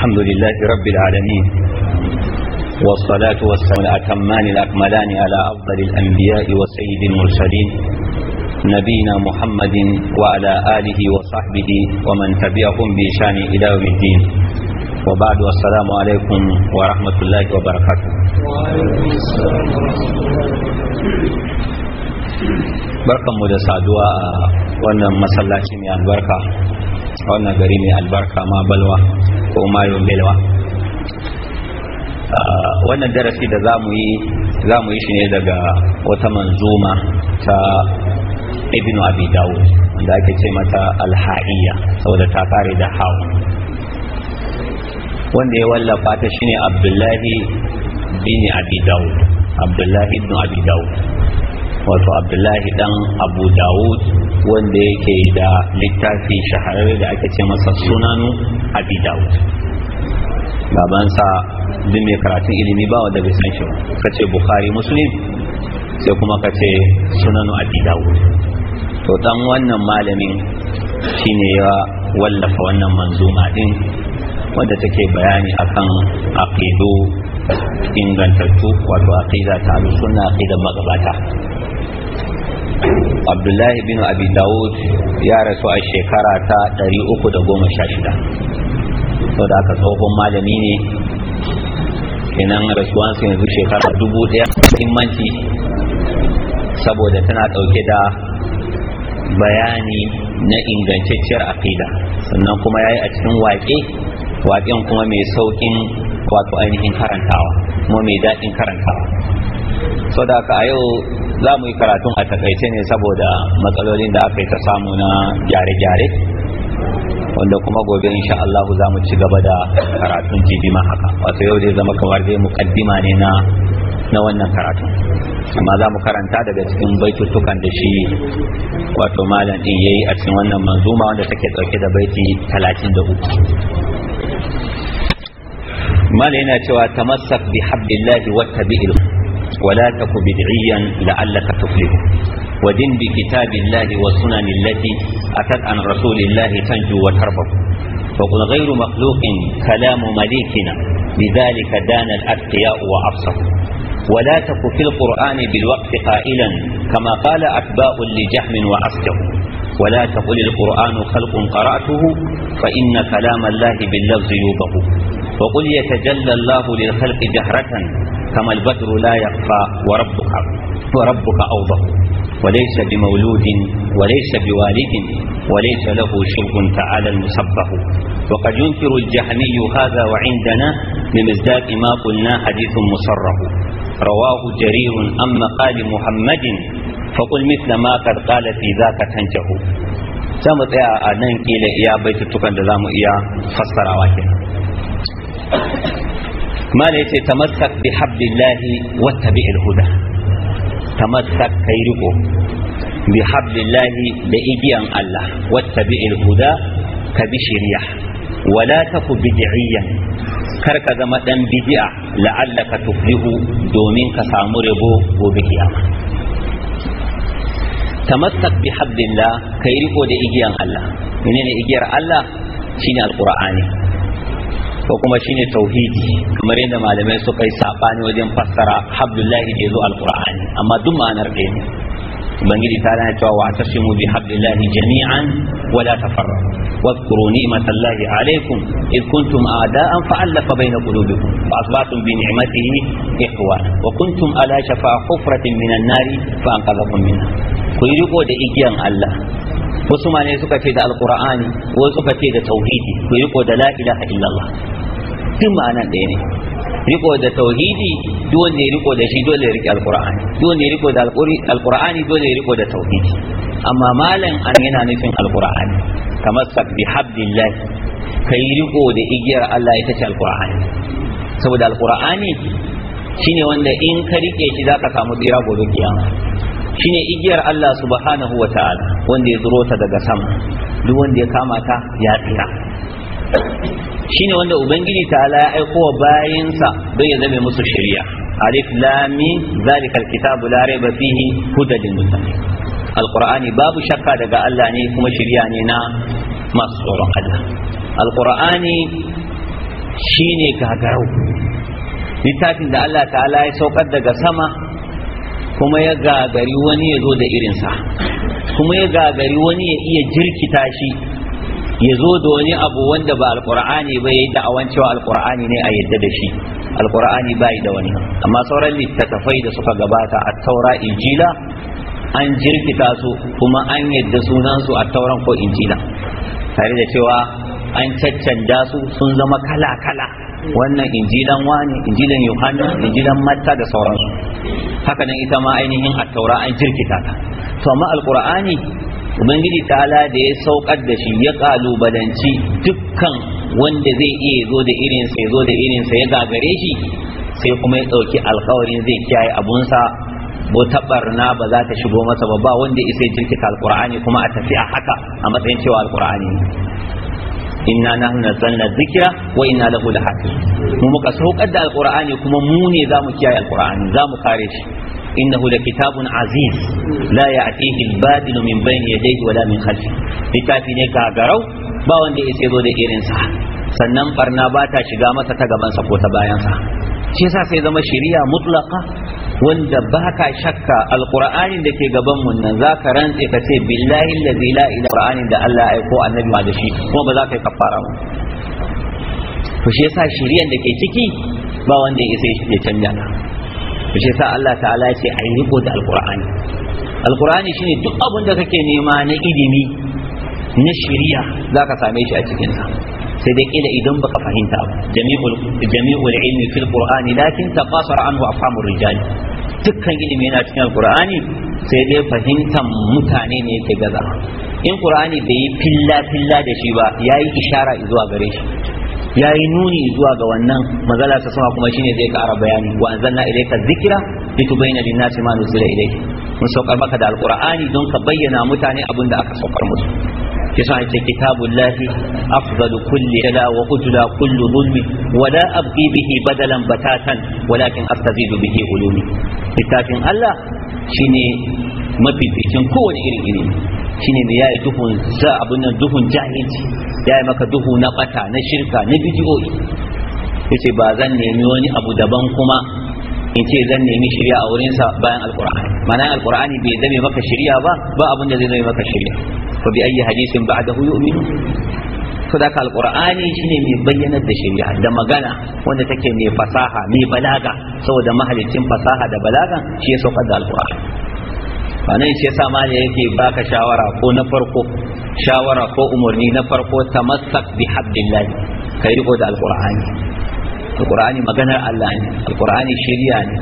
الحمد لله رب العالمين والصلاة والسلام الأتمان الأكملان على أفضل الأنبياء وسيد المرسلين نبينا محمد وعلى آله وصحبه ومن تبعهم بإشان إلى يوم الدين وبعد والسلام عليكم ورحمة الله وبركاته barkanmu da saduwa a wannan masallaci mai albarka a wannan gari mai albarka ma balwa ko mayun belwa ah, wannan darasi da za mu yi za yi shi ne daga wata manzuma ta ibn abi dawud wanda ake ce mata alha'iyya saboda ta kare da Hau. wanda ya wallafa ta shine abdullahi bin abi dawud abdullahi ibn abi dawud wato abdullahi dan abu dawud wanda yake da littafi shahararre da ake ce masa sunanu abi dawud babansa duk mai karatun ilimi ba wanda bai san shi ba ka ce bukhari muslim sai kuma ka ce sunanu abi dawud to dan wannan malamin shine ya wallafa wannan manzuma din wanda take bayani akan aqidu ingantattu wato aqida ta sunna aqida magabata abdullahi bin abi dawud ya rasu a shekara ta 316 sau da aka tsohon malami ne kenan su yanzu shekara dubu daya muhimmanci saboda tana dauke da bayani na ingantacciyar aqida sannan kuma yayi a cikin waƙe waƙen kuma mai saukin wato ainihin karantawa kuma mai daɗin karantawa so da ka a yau za mu yi karatun a takaice ne saboda matsalolin da aka yi ta samu na gyare-gyare wanda kuma gobe insha Allah za mu ci gaba da karatun jibi ma haka wato yau zai zama kamar dai mukaddima ne na na wannan karatu amma za mu karanta daga cikin baitutukan da shi wato malam din yayi a cikin wannan manzuma wanda take dauke da baiti 33 mala yana cewa tamassak bi hablillahi wattabi'il ولا تك بدعيا لعلك تفلح ودن بكتاب الله وسنن التي أتت عن رسول الله تنجو وتربح وقل غير مخلوق كلام مليكنا لذلك دان الأتقياء وأبصر ولا تك في القرآن بالوقت قائلا كما قال أتباء لجهم وأصدق ولا تقل القرآن خلق قرأته فإن كلام الله باللفظ يوضح وقل يتجلى الله للخلق جهرة كما البدر لا يخفى وربك وربك أوضح وليس بمولود وليس بوالد وليس له شرب تعالى المسبح وقد ينكر الجهمي هذا وعندنا بمزداد ما قلنا حديث مصرح رواه جرير أما قال محمد فقل مثل ما قد قال في ذاك تنجه za يا أنك a nan kila iya baitutukan mala yace tamassak bi hablillahi wattabi'il huda tamassak kai riko bi hablillahi da igiyan Allah wattabi'il huda ka bi shari'a wala taku bid'iyyan kar ka zama dan bid'a ka tuflihu domin ka samu rabo gobe kiyama tamassak bi hablillah kai riko da igiyan Allah menene igiyar Allah shine alqur'ani ko shine tauhidi kamar yadda malamai suka yi sabani wajen fassara abdullah ya zo alqur'ani amma duk ma'anar da ne ta lana cewa wa tashimu bi abdullah jami'an wa la tafarra wa zkuru ni'matallah alaykum id kuntum a'da'an fa alafa baina qulubikum fa asbatum bi ni'matihi ikhwa wa kuntum ala shafa hufratin min an-nar fa anqadhakum riko da igiyan Allah wasu ne suka ce da alqur'ani wasu suka ce da tauhidi kuyi yi riko da la ilaha illallah duk ma'anar ɗaya ne riko da tauhidi duk wanda ya riko da shi dole ya riƙe alqur'ani duk wanda ya riko da alqur'ani dole ya riko da tauhidi amma malam an yana nufin alqur'ani kamar sabbi habdillah kai riko da igiyar Allah ita ce alqur'ani saboda alqur'ani shine wanda in ka rike shi zaka samu tsira gobe kiyama shine igiyar Allah subhanahu wataala wanda ya zuro ta daga sama duk wanda ya kama ta ya tsira shine wanda ubangiji ala ya aiko wa bayinsa don ya zame musu shari'a alif lam mim zalikal kitabu la raiba fihi hudan lil muttaqin alqur'ani babu shakka daga Allah ne kuma shari'a ne na masu tsoron Allah alqur'ani shine gagarau littafin da Allah ta'ala ya saukar daga sama kuma ya gagari wani ya zo da irinsa kuma ya gagari wani ya iya jirkita shi ya zo da wani abu wanda ba alkur'ani ba ya yi da'awan cewa alkur'ani ne a yadda da shi alkur'ani ba da wani amma sauran littattafai da suka gabata a taura injila an jirkita su kuma an yadda sunansu a tauran ko injila tare da cewa an caccanja su sun zama kala-kala wannan injilan wani injilan yohanna injilan matta da sauransu Hakanan ita ma ainihin a taura an jirkita ta to amma alkur'ani ubangiji ta'ala da ya saukar da shi ya kalubalanci dukkan wanda zai iya zo da irinsa ya zo da irinsa ya gagare shi sai kuma ya ɗauki alkawarin zai kiyaye abunsa bo tabarna ba za ta shigo masa ba ba wanda isa ya jirkita alkur'ani kuma a tafi a haka a matsayin cewa alkur'ani ne inna nahnu nazzalna dhikra wa inna lahu lahafiz mu muka saukar da alkur'ani kuma mu ne zamu kiyaye alkur'ani mu kare shi إنه لكتاب عزيز لا يأتيه البادل من بين يديه ولا من خلفه لتافي نيكا غرو باوان دي إسيدو دي إرنسا سنن فرنا باتا شغامة تغبان سقوة بايانسا شيسا zama شريعة مطلقة wanda ba ka shakka alƙur'anin da ke gabanmu nan za ka rantse ka ce billahi lazi la ila ƙur'anin da Allah ya aiko annabi ma da shi kuma ba za ka yi kafara ba to shi yasa shiriyan da ke ciki ba wanda ya isa ya canja to shi sa Allah ta'ala ya ce a yi riko da alkur'ani alkur'ani shine duk abin da kake nema na ilimi na shari'a zaka same shi a cikin sa sai dai kila idan baka fahimta ba jami'ul ilmi fil qur'ani lakin taqasara anhu afhamur rijal dukkan ilimi yana cikin alkur'ani sai dai fahimtar mutane ne yake gaza in qur'ani bai yi filla filla da shi ba yayi ishara zuwa gare shi ya yi nuni zuwa ga wannan magana ta sama kuma shine zai kara bayani wa anzalna ilayka dhikra litubayyana lin-nasi ma nuzila ilayhi mun saukar maka da alqur'ani don ka bayyana mutane abin da aka saukar musu yasa ake kitabul lahi afdalu kulli ala wa utla kullu zulmi wa la abqi bihi badalan batatan walakin astazidu bihi ulumi littafin Allah shine mafificin kowane irin ilimi shine mai yayi duhun za abun nan duhun jahilci yayi maka duhu na bata na shirka na bidiyoyi yace ba zan nemi wani abu daban kuma in ce zan nemi shirya a wurinsa bayan alqur'ani mana alqur'ani bai zame maka shirya ba ba abun da zai zame maka shirya fa bi ayyi hadisin ba'dahu yu'minu saboda alqur'ani shine mai bayyanar da shirya da magana wanda take mai fasaha mai balaga saboda mahalicin fasaha da balaga shi ya saukar da alqur'ani anan shi yasa ma yake baka shawara ko na farko shawara ko umarni na farko tamassak bi habdillah kai riko da alqur'ani alqur'ani maganar Allah ne alqur'ani shari'a ne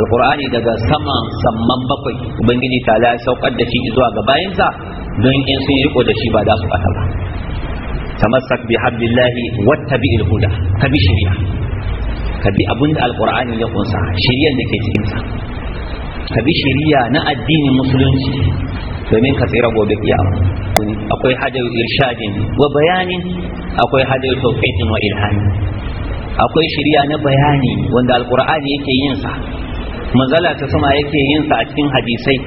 alqur'ani daga saman samman bakwai ubangiji ta la saukar da shi zuwa ga bayansa don in sun riko da shi ba za su bata ba tamassak bi habdillah wattabi'il huda ka bi shari'a ka bi abinda alqur'ani ya kunsa shari'ar da ke cikin sa ka bi shari'a na addinin musulunci domin ka tsira gobe kiyama akwai hajar irshadin wa bayanin akwai hajar tawfiqin wa ilhami akwai shari'a na bayani wanda alqur'ani yake yin sa manzala ta sama yake yin sa a cikin hadisai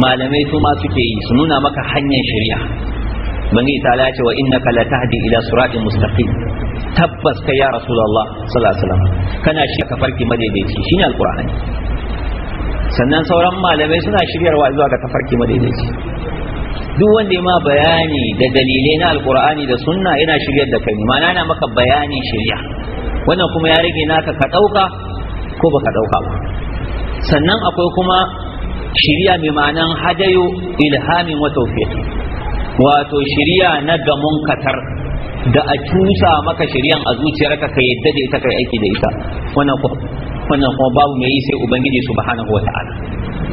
malamai su ma suke yi su nuna maka hanyar shari'a bani ta ce wa innaka latahdi ila siratin mustaqim tabbas ka ya rasulullah sallallahu alaihi wasallam kana shi ka farki madaidaici shine alqur'ani sannan sauran malamai suna shiryarwa zuwa ga tafarki madaidaici duk wanda ya ma bayani da dalilai na alkur'ani da sunna yana shiryar da kai mana na maka bayani shirya wannan kuma ya rage naka ka ɗauka ko baka ɗauka ba sannan akwai kuma shirya mai ma'anan hadayo ilhamin wa tawfiq wato shirya na gamon katar da a cusa maka shiryan a zuciyarka ka yadda da ita kai aiki da ita wannan wannan kuma babu mai yi sai ubangiji subhanahu wata'ala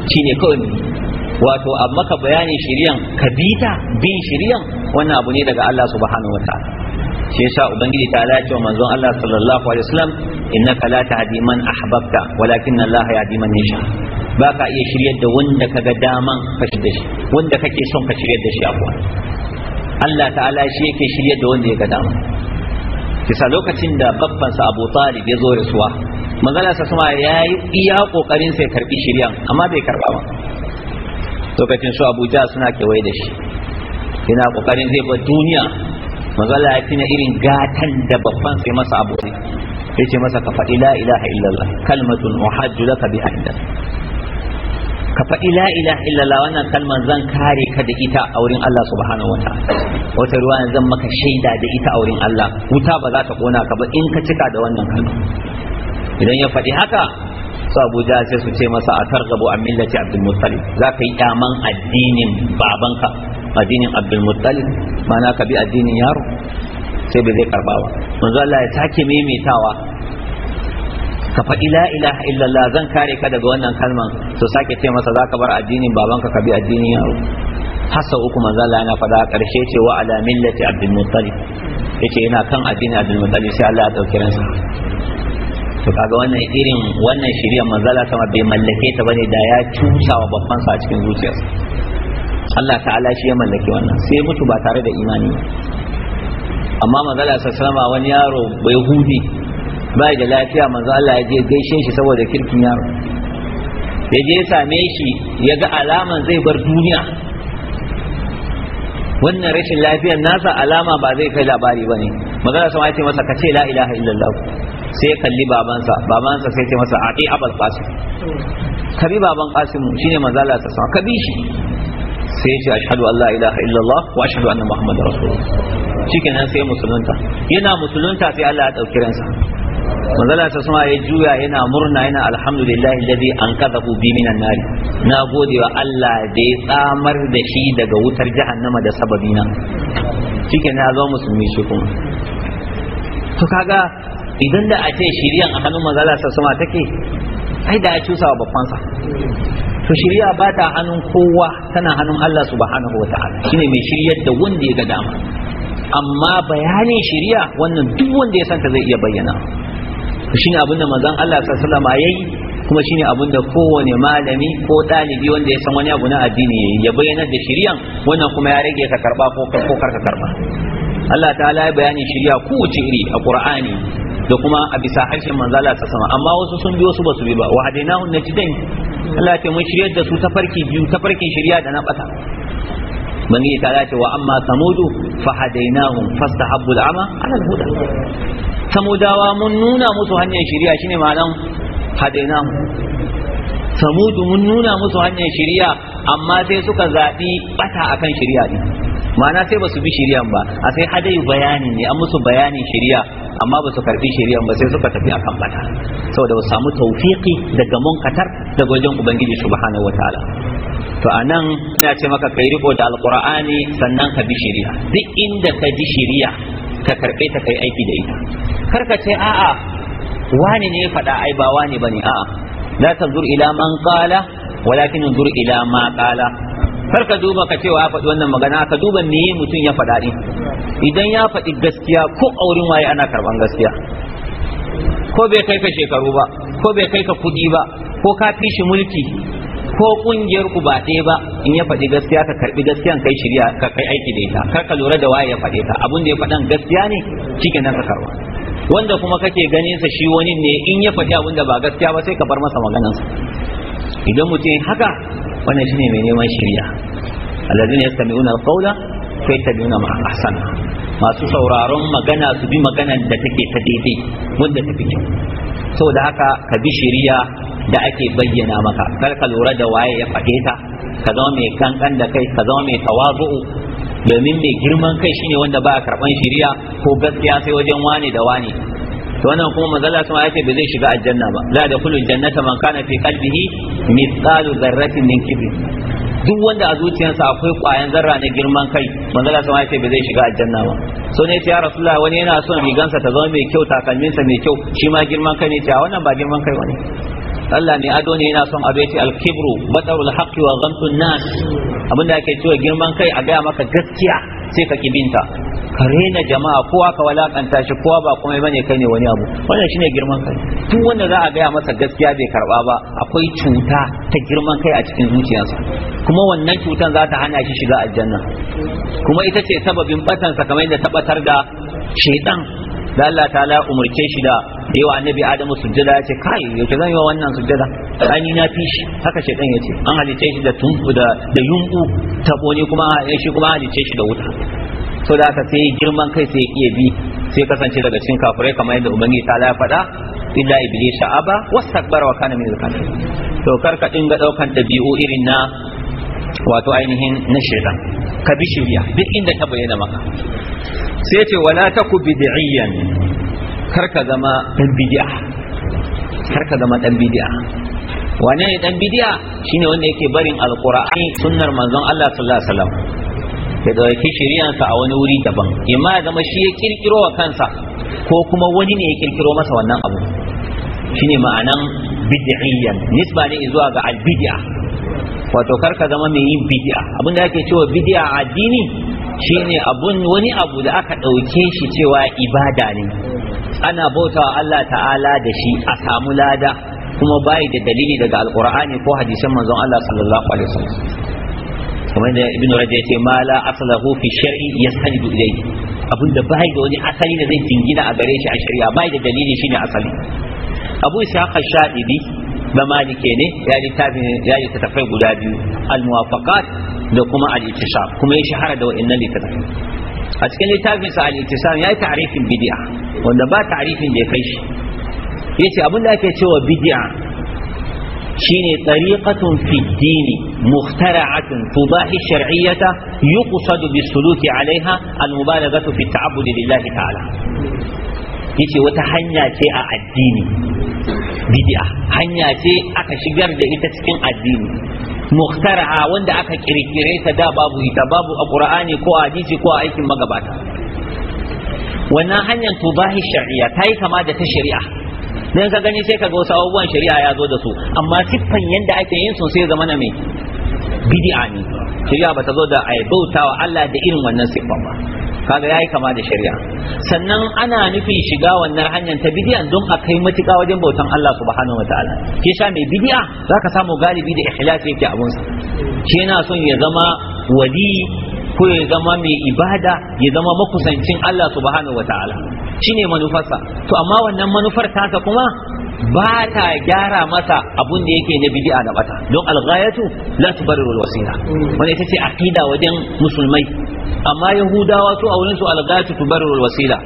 ne kawai wato a maka bayanin shiriyan ka bin shiriyan wannan abu ne daga Allah subhanahu wata'ala shi yasa ubangiji ta lace wa manzon Allah sallallahu alaihi wasallam ka la tahdi man ahbabta walakin Allah yahdi man yasha baka iya shiryar da wanda kaga daman ka shirye shi wanda kake son ka shiryar da shi abuwa Allah ta'ala shi yake shiryar da wanda ya ga dama kisa lokacin da babban sa Abu Talib ya zo rasuwa manzala sa sama ya yi iya kokarin sai karbi shiryan amma bai karba ba lokacin su abuja suna kewaye da shi yana kokarin zai bar duniya manzala ya tina irin gatan da babban sai masa abu ne ce masa ka faɗi la ilaha illallah kalmatun uhajju laka biha inda ka faɗi la ilaha illallah wannan kalmar zan kare ka da ita a wurin Allah subhanahu wa ta'ala wata ruwa zan maka shaida da ita a wurin Allah wuta ba za ta kona ka ba in ka cika da wannan kalma idan ya faɗi haka su abu sai su ce masa a targabu a millati abdulmuttalib za ka yi kyaman addinin babanka addinin abdulmuttalib mana ka bi addinin yaro sai bai zai karba ba manzo Allah ya take maimaitawa ka faɗi la ilaha illallah zan kare ka daga wannan kalman su sake ce masa za ka bar addinin babanka ka bi addinin yaro hasa uku manzo Allah yana faɗa karshe ce wa ala millati abdulmuttalib yace yana kan addinin abdulmuttalib sai Allah ya dauki ransa to kaga wannan irin wannan shirya, manzala sama bai mallake ta bane da ya cusa wa babban sa cikin zuciyarsa Allah ta'ala shi ya mallake wannan sai mutu ba tare da imani amma manzala sallama wani yaro bai hudi bai da lafiya manzo Allah ya je gaishe shi saboda kirkin yaro ya je same shi ya ga alaman zai bar duniya wannan rashin lafiyar nasa alama ba zai kai labari ba ne sama ya ce masa ka ce la ilaha illallah sai ya kalli babansa babansa sai ce masa a ɗi abal qasim kabi baban qasim shine manzo Allah ta sama kabi shi sai ya ce ashhadu an allah ilaha illallah wa ashhadu anna muhammadar rasulullah shikenan sai musulunta yana musulunta sai Allah ya dauki ransa manzo Allah ta sama ya juya yana murna yana alhamdulillahi alladhi anqadhahu bi minan nar na gode wa Allah da ya tsamar da shi daga wutar jahannama da sababina shikenan ya zama musulmi shi kuma to kaga idan da a ce shiriyan a hannun maza sa sama take ai da ya cusa wa babbansa to shiriya ba ta hannun kowa tana hannun Allah subhanahu wa Shi shine mai shiryar da wanda ya ga dama amma bayanin shiriya wannan duk wanda ya santa zai iya bayyana to shine abin da manzon Allah sallallahu alaihi yayi kuma shine abin da kowane malami ko dalibi wanda ya san wani abu na addini yayi ya bayyana da shiriyan wannan kuma ya rage ka karba ko karka karba Allah ta'ala ya bayani shiriya kowace iri a Qur'ani da kuma a bisa harshen manzala ta sama amma wasu sun bi wasu basu bi ba wa hadainahu najdain Allah ya mun shiryar da su ta farki biyu ta farkin shirya da na bata bani ta dace wa amma samudu fa hadainahum fastahabbu al'ama ala al-huda samudawa mun nuna musu hanyar shirya shine ma'anan hadainahum samudu mun nuna musu hanyar shiriya amma sai suka zaɓi bata akan shiriya din ma'ana sai ba su bi shiriyan ba a sai hadai bayani ne an musu bayanin shiriya amma ba su karbi shiriyan ba sai suka tafi akan bata saboda ba samu taufiki daga munkatar daga wajen ubangiji subhanahu wataala to a nan ina ce maka kai riko da alqur'ani sannan ka bi shiriya duk inda ka ji shiriya ka karɓe ta kai aiki da ita kar ka ce a'a wani ne ya faɗa ai ba wani ne a'a لا تنظر ila من قال ولكن انظر ila ما قال kar ka duba ka cewa ya faɗi wannan magana ka duba me mutum ya faɗa din idan ya faɗi gaskiya ko aurin waye ana karban gaskiya ko bai kai ka shekaru ba ko bai kai ka kuɗi ba ko ka fi mulki ko kungiyar ku ba ɗaya ba in ya faɗi gaskiya ka karbi gaskiyan kai shirya ka kai aiki da ita kar ka lura da waye ya faɗe ta abun da ya faɗan gaskiya ne cikin nan ka karɓa. wanda kuma kake ganin sa shi wani ne in ya faɗi abin da ba gaskiya ba sai ka bar masa maganansa idan mutum haka wannan shine mai neman shirya alladhina yastami'una alqawla fa yattabi'una ma ahsana masu sauraron magana su bi magana da take ta daidai wanda ta fi saboda haka ka bi shirya da ake bayyana maka kar ka lura da waye ya faɗe ta ka zama mai kankan da kai ka zama mai tawazu'u domin mai girman kai shine wanda ba a karban shiriya ko gaskiya sai wajen wani da wani to wannan kuma manzala sun ayace ba zai shiga aljanna ba la da kullu jannata man kana fi qalbihi mithqalu dharratin min kibr duk wanda a zuciyarsa akwai kwayan zarra na girman kai manzala sun ayace ba zai shiga aljanna ba so ne ya rasulullahi wani yana son rigansa ta zama mai kyau takalminsa mai kyau shi ma girman kai ne ta wannan ba girman kai wani Allah mai ado ne yana son abu yace al-kibru batarul haqqi wa ghamtun nas abinda ake cewa girman kai a gaya maka gaskiya sai ka kibinta ka rena jama'a kowa ka walakanta shi kowa ba komai bane kai ne wani abu wannan shine girman kai duk wanda za a gaya masa gaskiya bai karba ba akwai cuta ta girman kai a cikin zuciyarsa kuma wannan cutan za ta hana shi shiga aljanna kuma ita ce sababin batansa kamar yadda batar da shaidan da Allah ta umarce shi da yawa annabi adamu sujjada ya ce kai yaushe zan yi wa wannan sujjada yi na fi shi haka ce ya ce an halice shi da tunku da da yunku ta ne kuma eh, shi kuma halice shi da wuta so da aka sai girman kai sai iya bi sai kasance daga cikin kafirai kamar yadda ubangi ta ya faɗa illa iblis aba wastakbara wa kana min al-kafirin to karka dinga daukan dabi'u irin na wato ainihin na shirya. ka bi shirya. duk inda ta bayyana maka sai ce wala ku bid'iyan kar ka zama dan bidiya kar ka zama dan bidiya wane ne dan bidiya shine wanda yake barin alqur'ani sunnar manzon Allah sallallahu alaihi wasallam yake dauki sa a wani wuri daban imma ya zama shi ya kirkiro wa kansa ko kuma wani ne ya kirkiro masa wannan abu shine ma'anan bid'iyyan nisba ne zuwa ga albidi'a. wato karka zama mai yin bid'a abin da ake cewa a addini shine abun wani abu da aka ɗauke shi cewa ibada ne ana bautawa Allah ta'ala da shi a samu lada kuma bai da dalili daga alqur'ani ko hadisin manzon Allah sallallahu alaihi wasallam kamar da ibnu rajab yace ma la aslahu fi shar'i yastanidu ilayhi abun da bai da wani asali da zai jingina a gare shi a shari'a bai da dalili shine asali abu ishaq ash-shadibi da malike ne ya littafin ya yi tafai guda biyu al-muwafaqat da kuma al-ittisab kuma ya shahara da wa'annan littafin a cikin littafin sa al-ittisab ya yi ta'rifin bid'a wanda ba ta'rifin da ya kai shi yace abin da ake cewa bid'a shine tariqatun fi dini mukhtara'atun tudahi shar'iyyata yuqsadu bi suluki 'alayha al-mubalaghatu fi at lillahi ta'ala yace wata hanya ce a addini bid'a hanya ce aka shigar da ita cikin addini muhtara'a wanda aka kirkire ta da babu ita babu a qur'ani ko a hadisi ko a aikin magabata wannan hanyar tubahi shari'a ta yi kama da ta shari'a dan ka gani sai ka ga sabuwan shari'a ya zo da su amma siffan yanda ake yin su sai zama na mai bid'a ne shari'a ba ta zo da ai bautawa Allah da irin wannan siffan ba kaga yayi kama da shari'a sannan ana nufin shiga wannan hanyar ta bidiya don a kai matuƙa wajen bautan Allah subhanahu wataala ke sha mai bidiya zaka samu galibi da ikhlasi yake abun sa shi yana son ya zama wali ko ya zama mai ibada ya zama makusancin Allah subhanahu wataala shine manufarsa to amma wannan manufar tasa kuma ba ta gyara masa abun da yake na bidi'a da bata don alghayatu la tubarru alwasila Wani ita ce aqida wajen musulmai amma yahudawa su a wurin su alghayatu tubarru alwasila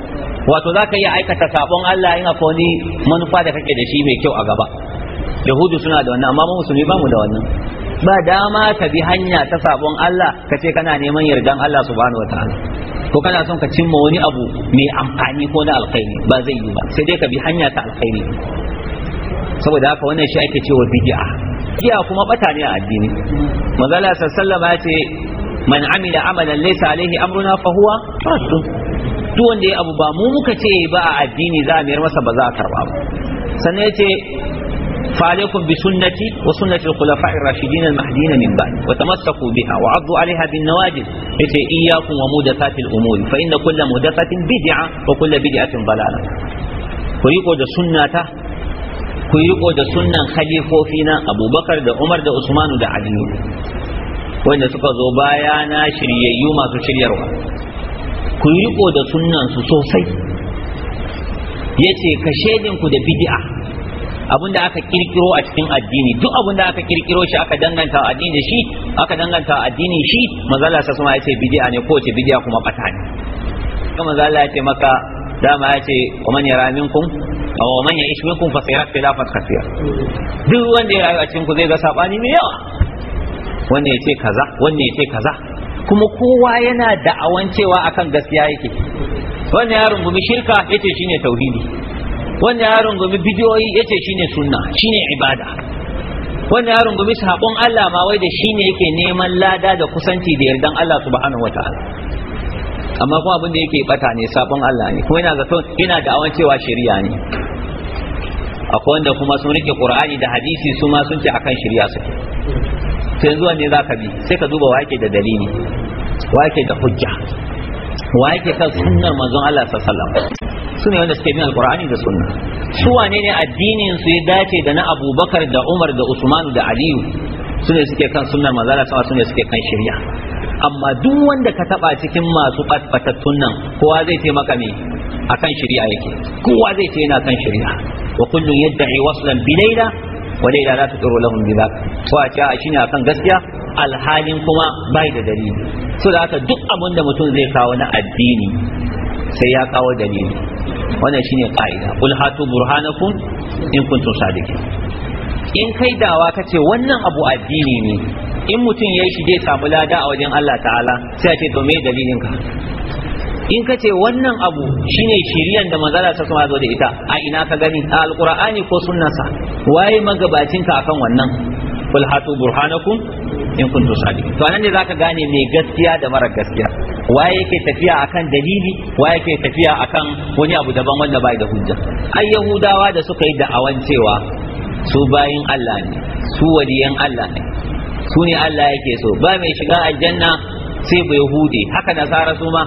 wato zaka iya aikata sabon Allah in akwai wani manufa da kake da shi mai kyau a gaba yahudu suna da wannan amma musulmi ba mu da wannan ba dama ka bi hanya ta sabon Allah ka ce kana neman yardan Allah subhanahu wataala ko kana son ka cimma wani abu mai amfani ko na alkhairi ba zai yi ba sai dai ka bi hanya ta alkhairi saboda haka wannan shi ake cewa bid'a bid'a kuma bata ne a addini manzala sallallahu ya ce man amila amalan laysa alaihi amruna fa huwa duk wanda ya abu ba mu muka ce ba a addini za a mayar masa ba za a karba ba sannan ya ce فعليكم بسنتي وسنة الخلفاء الراشدين المهديين من بعد وتمسكوا بها وعضوا عليها بالنواجذ يتي إياكم ومودثات الأمور فإن كل مودثة بدعة وكل بدعة ضلالة ويقول سنة ku yi riko da sunnan khalifofi na abubakar da umar da usmanu da aliyu wanda suka zo baya na shiryayyu masu shiryarwa ku yi riko da sunnan su sosai ya ce ku da bid'a abin da aka kirkiro a cikin addini duk abin da aka kirkiro shi aka danganta addini da shi aka danganta addini shi manzala sa kuma yace bid'a ne ko ce bid'a kuma bata ne kuma manzala yace maka dama yace wa man yara minkum aw man ya'ish minkum fa sayara khilafat kathira duk wanda ya rayu a cikin ku zai ga sabani mai yawa wanda yace kaza wanda yace kaza kuma kowa yana da'awancewa akan gaskiya yake wannan ya rungumi shirka yace shine tauhidi wanda ya rungumi bidiyoyi ne suna sunna ne ibada wanda ya rungumi sabon Allah ma wai da ne yake neman lada da kusanci da yardan Allah ba'ana wata amma kuma abin da yake bata ne sabon Allah ne kuma yana zato yana da awan cewa shari'a ne akwai wanda kuma sun rike qur'ani da hadisi su ma sun ce akan shari'a suke sai zuwa ne zaka bi sai ka duba wake da dalili wake da hujja wake kan sunnar manzon Allah sallallahu alaihi wasallam su ne wanda suke bin alkur'ani da sunna su wane ne addinin su ya dace da na abubakar da umar da usman da aliyu su ne suke kan sunnar manzala sama su ne suke kan shirya amma duk wanda ka taba cikin masu batbatattun nan kowa zai ce maka me akan shirya yake kowa zai ce yana kan shirya wa kullun yad'i waslan bi layla wa layla la tudru lahum bi dhak wa ta shine akan gaskiya alhalin kuma bai da dalili so da haka duk abin da mutum zai kawo na addini sai ya kawo dalili wannan shine ka'ida qul hatu burhanakum in kuntum sadiqin in kai dawa kace wannan abu addini ne in mutum yayi shi samu lada a wajen Allah ta'ala sai ya ce to me dalilin ka in ka ce wannan abu shine shiriyan da manzala ta kuma zo da ita a ina ka gani a alqur'ani ko sunnansa waye magabacin ka akan wannan kul hatu burhanakum in kuntum sadiqin to anan ne zaka gane mai gaskiya da mara gaskiya waye yake tafiya akan dalili waye yake tafiya akan wani abu daban wanda bai da hujja ai yahudawa da suka yi da'awan cewa su bayin Allah ne su waliyan Allah ne su ne Allah yake so ba mai shiga aljanna sai bai hude haka nasara su ma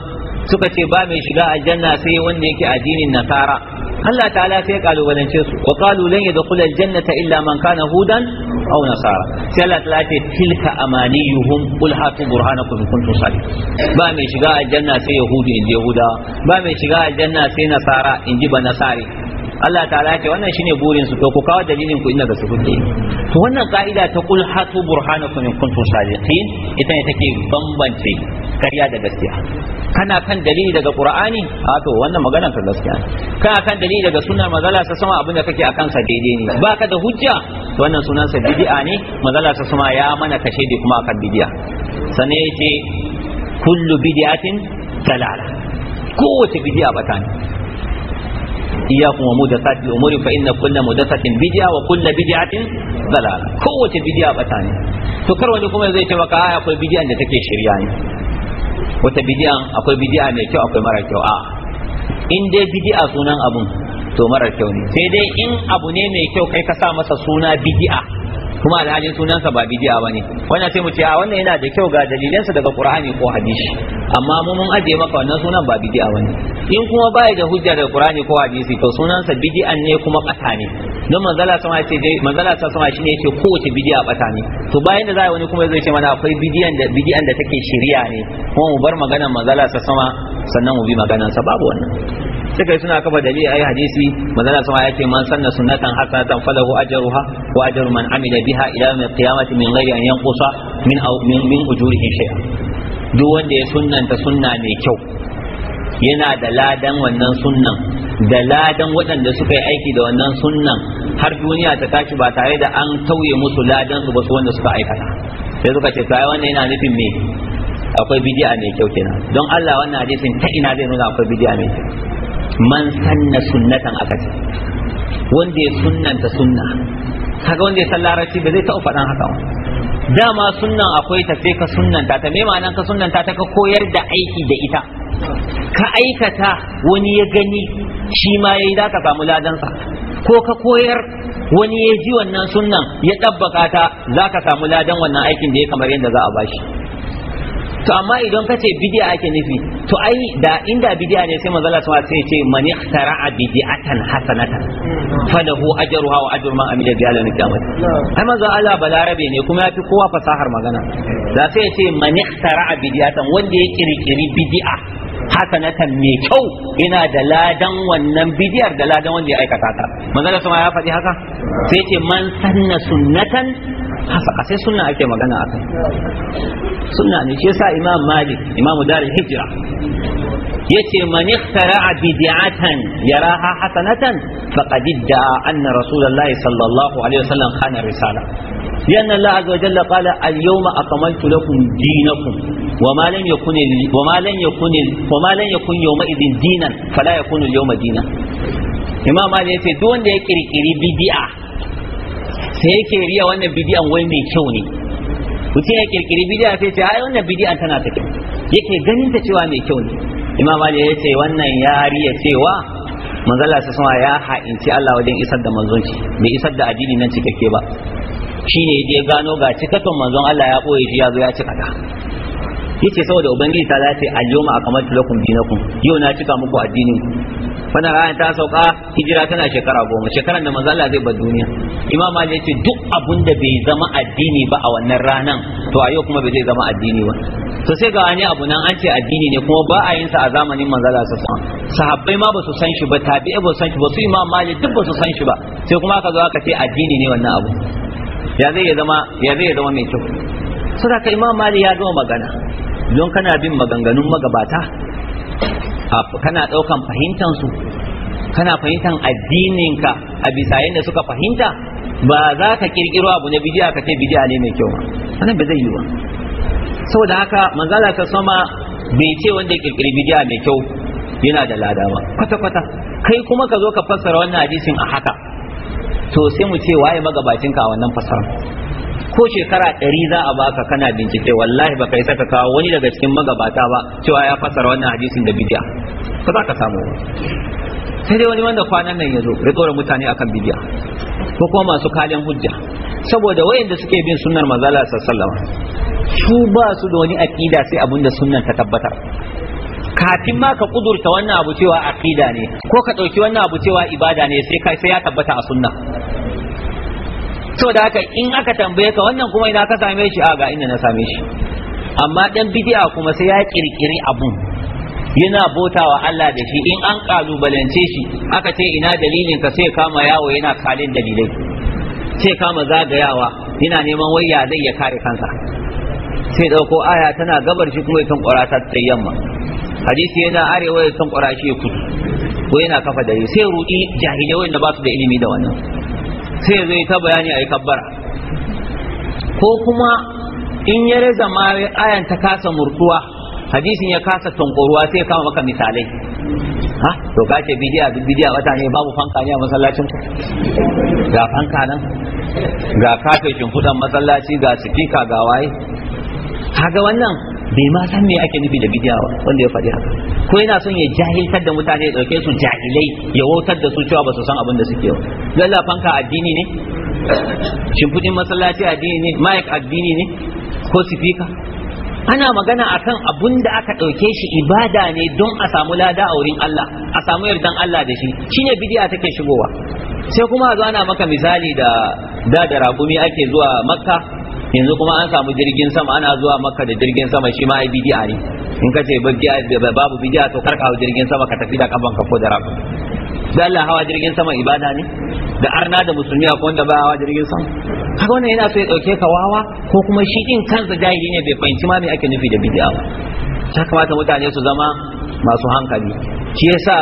suka ce ba mai shiga aljanna sai wanda yake addinin nasara Allah ta'ala sai kalubalance su wa qalu lan yadkhul aljannata illa man kana hudan aw nasara sai Allah ta'ala ce tilka amaniyuhum qul hatu burhanakum in kuntum ba mai shiga aljanna sai yahudi in yahuda ba mai shiga aljanna sai nasara in ji ba nasari Allah ta'ala ce wannan shine burin su to ku kawo dalilin ku inda su kuke to wannan ka'ida ta kul hatu burhanakum in kuntum sadiqin ita ne take bambance kariya da gaskiya kana kan dalili daga qur'ani a to wannan maganar ta gaskiya kana kan dalili daga sunnar mazala sa sama abinda kake akan sa daidai ne baka da hujja wannan sunan sa bid'a ne mazala sa sama ya mana kashe da kuma akan bid'a sannan ce kullu bid'atin dalala kowace bid'a bata ne iyyakum wa mudathati umuri fa inna kulla mudathatin bid'a wa kulla bid'atin dalala kowace bid'a bata ne to kar wani kuma zai ce maka ai akwai bid'a da take shirya ne wata bid'a akwai bid'a mai kyau akwai mara kyau a in dai bid'a sunan abun to mara kyau ne sai dai in abu ne mai kyau kai ka sa masa suna bid'a kuma alhali sunansa ba ba bane wannan sai mu ce a wannan yana da kyau ga dalilansa daga qur'ani ko hadisi amma mu mun ajiye maka wannan sunan ba bidi'a bane in kuma baya da hujja daga qur'ani ko hadisi to sunansa bidi'an ne kuma kasa ne don manzala sama ce dai manzala sama shine yake kowace bidiya bata ne to bayan da za a wani kuma zai ce mana akwai bidiyan da bidiyan da take shari'a ne kuma mu bar maganar manzala sa sama sannan mu bi maganar sa babu wannan suka yi suna kafa dalili ayi hadisi manzon sama ya ce man sanna sunnatan hasanatan falahu ajruha wa ajru man amila biha ila yawm qiyamati min ghairi an yanqusa min min min ujurihi shay'a duk wanda ya sunnanta sunna mai kyau yana da ladan wannan sunnan da ladan waɗanda suka yi aiki da wannan sunnan har duniya ta tashi ba tare da an tauye musu ladan su ba su wanda suka aikata sai suka ce sai wannan yana nufin me akwai bidi'a mai kyau kenan don Allah wannan hadisin ta ina zai nuna akwai bidi'a mai kyau man sanna sunnatan aka wanda ya sunnanta sunna kaga wanda ya san larabci ba zai taɓa faɗan haka ba dama sunnan akwai ta sai ka sunnanta ta me ma'anan ka sunnanta ta ka koyar da aiki da ita ka aikata wani ya gani shi ma yayi za ka samu ladansa ko ka koyar wani ya ji wannan sunnan ya ɗabbaka ta za ka samu ladan wannan aikin da ya kamar yadda za a bashi to amma idan kace bidiya ake nufi to ai da inda bidiya ne sai manzo Allah sai ya ce man ikhtara'a bid'atan hasanatan falahu ajruha wa ajru man amila biha ai manzo Allah balarabe ne kuma yafi kowa fasahar magana da sai ya ce man ikhtara'a wanda ya kirkiri bidi'a hasanatan mai kyau yana da ladan wannan bidiyar da ladan wanda ya aikata ta manzo ya faɗi haka sai ya ce man sanna sunnatan hafaka sai sunna ake magana a kai. sunna ne shi yasa imam malik imam darul hijra yace man ikhtara'a bid'atan yaraha hasanatan faqad idda'a anna rasulullah sallallahu alaihi wasallam khana risala لأن الله عز وجل قال اليوم أكملت لكم دينكم وما لم يكن وما لم يكن وما لم يكن يومئذ دينا فلا يكون اليوم دينا imam ali yace duk wanda ya kirkiri bid'a ta yake riya wannan bidiyan wai mai kyau ne mutum ya kirkiri bidiya sai ce ai wannan bidiyan tana ta kyau yake ganin ta cewa mai kyau ne imam ali ya ce wannan ya riya cewa manzo Allah sama ya ha'inci Allah wajen isar da manzonci bai isar da addini nan cikakke ba shine ya gano ga cikakken manzon Allah ya boye shi ya zo ya cika yace saboda ubangiji ta zace al-yawma akmaltu lakum dinakum yau na cika muku addini wannan ranar ta sauka hijira tana shekara goma shekaran da manzo Allah zai bar duniya imam Ali yace duk abun da bai zama addini ba a wannan ranan to a yau kuma bai zai zama addini ba to sai ga wani abu nan an ce addini ne kuma ba a yin sa a zamanin manzo Allah sa sahabbai ma ba su san shi ba tabi'i ba su san shi ba su imam Ali duk ba su san shi ba sai kuma aka zo aka ce addini ne wannan abu ya zai zama ya zai zama mai kyau saboda imam Ali ya gama magana don kana bin maganganun magabata kana ɗaukan fahimtansu kana fahimtan addininka a bisa yadda suka fahimta ba za ka kirkiro abu na bidiya ka ce bidiya ne mai kyau ba wannan ba zai yi ba saboda haka manzala ka sama bai ce wanda kirkiri bidiya mai kyau yana da lada ba kwata kwata kai kuma ka zo ka fassara wannan hadisin a haka to sai mu ce waye magabacin ka a wannan fassara ko shekara ɗari za a baka kana bincike wallahi baka yi saka kawo wani daga cikin magabata ba cewa ya fasara wannan hadisin da bidiya ba za ka samu sai dai wani wanda kwanan nan ya zo rikowar mutane akan bidiya ko kuma masu kalin hujja saboda wayanda suke bin sunnar mazala sallama su ba su da wani aqida sai da sunan ta tabbatar kafin ma ka kudurta wannan abu cewa aqida ne ko ka ɗauki wannan abu cewa ibada ne sai kai sai ya tabbata a sunna so da haka in aka tambaye ka wannan kuma ina ka same shi a ga inda na same shi amma dan bid'a kuma sai ya kirkiri abun yana botawa Allah da shi in an kalubalance shi aka ce ina dalilin ka sai kama yawo yana kalin dalilai sai kama zagayawa yana neman waya zai ya kare kansa sai dauko aya tana gabar shi kuma yakan kwarata ta yamma hadisi yana arewa yakan kwarashi kudu ko yana kafa dare sai ruɗi jahilai wanda ba su da ilimi da wannan sai zai ta bayani a yi kabbara ko kuma in ya reza ma ayan ta kasa murtuwa hadisin ya kasa tonkoruwa sai ya kama maka misalai ha to ka ce bidiya duk bidiya wata ne babu fanka ne a masallacin ku ga fanka nan ga kafin shimfudan masallaci ga sifika ga waye kaga wannan bai ma san me ake nufi da bidiya wanda ya faɗi haka ko yana son ya jahiltar da mutane ya ɗauke su jahilai ya wautar da su cewa ba su san abin da suke lalla fanka addini ne shimfiɗin masallaci addini ne ma'aik addini ne ko sifika ana magana akan abun da aka ɗauke shi ibada ne don a samu lada a wurin Allah a samu yardan Allah da shi shine bidiya take shigowa sai kuma a zo ana maka misali da da da ragumi ake zuwa makka yanzu kuma an samu jirgin sama ana zuwa Makka da jirgin sama shi ma ibidi bidi'a ne in ka ce babu bidi'a to karka hau jirgin sama ka tafi da kafan ka ko da rafi da Allah hawa jirgin sama ibada ne da arna da musulmi akwai wanda ba hawa jirgin sama haka wannan yana so ya dauke ka wawa ko kuma shi din kansa jahili ne bai fahimci ma me ake nufi da bidi'a ba Ta kamata mutane su zama masu hankali shi yasa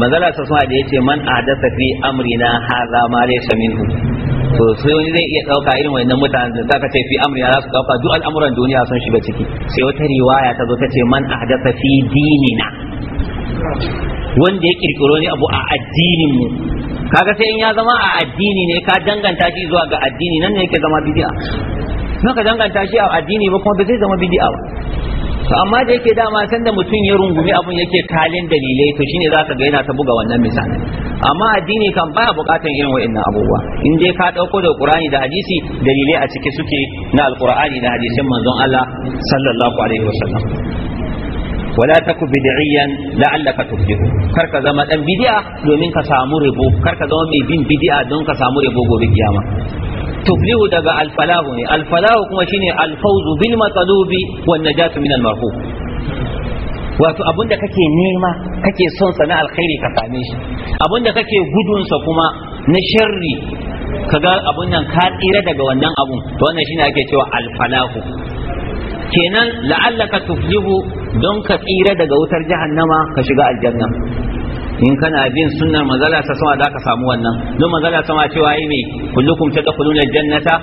manzala sa da yace man dasa fi amrina hadha ma laysa minhu to sai wani zai iya dauka irin wannan mutanen da zaka ce fi amri ya su dauka duk al'amuran duniya sun shiga ciki sai wata riwaya ta zo ta ce man ahdatha fi dinina wanda ya kirkiro ne abu a addinin mu kaga sai in ya zama a addini ne ka danganta shi zuwa ga addini nan ne yake zama bid'a na ka danganta shi a addini ba kuma ba zai zama bid'a ba to amma da yake dama sanda da mutum ya rungumi abun yake kalin dalilai to shine zaka ga yana ta buga wannan misalin amma addini kan baya bukatan irin wa'annan abubuwa in dai ka dauko da qur'ani da hadisi dalilai a ciki suke na alqur'ani da hadisin manzon Allah sallallahu alaihi wasallam wala taku bid'iyan la'allaka tubdihu kar ka zama dan bid'a domin ka samu rabo kar ka zama mai bin bid'a don ka samu rabo gobe kiyama tuflihu daga alfalahu ne alfalahu kuma shine alfawzu bil matsalubi wan najatu min al wato abinda kake nema kake son sa na alkhairi ka same shi abinda kake gudunsa kuma na sharri kaga abun nan ka tsira daga wannan abun to wannan shine ake cewa alfalahu kenan la'allaka tuflihu don ka tsira daga wutar jahannama ka shiga aljanna in kana bin sunnar manzala sama za ka samu wannan don manzala sama cewa yi mai kullukum tadkhuluna aljannata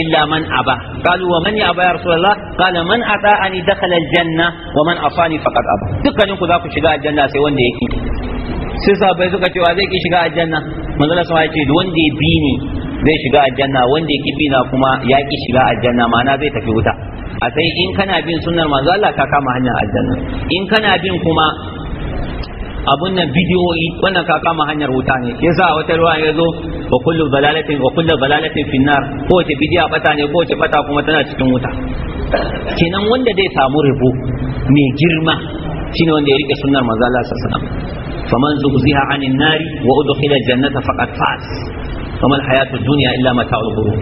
إلا من أبى قالوا ومن يأبى يا رسول الله قال من أطاعني دخل الجنة ومن أصاني فقد أبى دكان يقول ذاك شجاع الجنة سيوان ديكي سيسا بيزوكا تيوازيك شجاع الجنة من الله سمعي تيد وان دي بيني zai shiga aljanna wanda yake bina kuma ya ki shiga aljanna ma'ana zai tafi wuta a sai in kana bin sunnar manzo Allah ka kama hanyar aljanna in kana bin kuma abun nan bidiyoyi wannan ka kama hanyar wuta ne yasa wata ruwa ya zo wa kullu balalatin wa kullu balalatin finnar ko wace bidiya bata ne ko wace bata kuma tana cikin wuta kenan wanda zai samu rabo mai girma shine wanda ya rike sunnar manzo Allah sallallahu alaihi wasallam faman zuqziha anin nari wa udkhila jannata faqad faz famal hayatu dunya illa mata'ul ghurur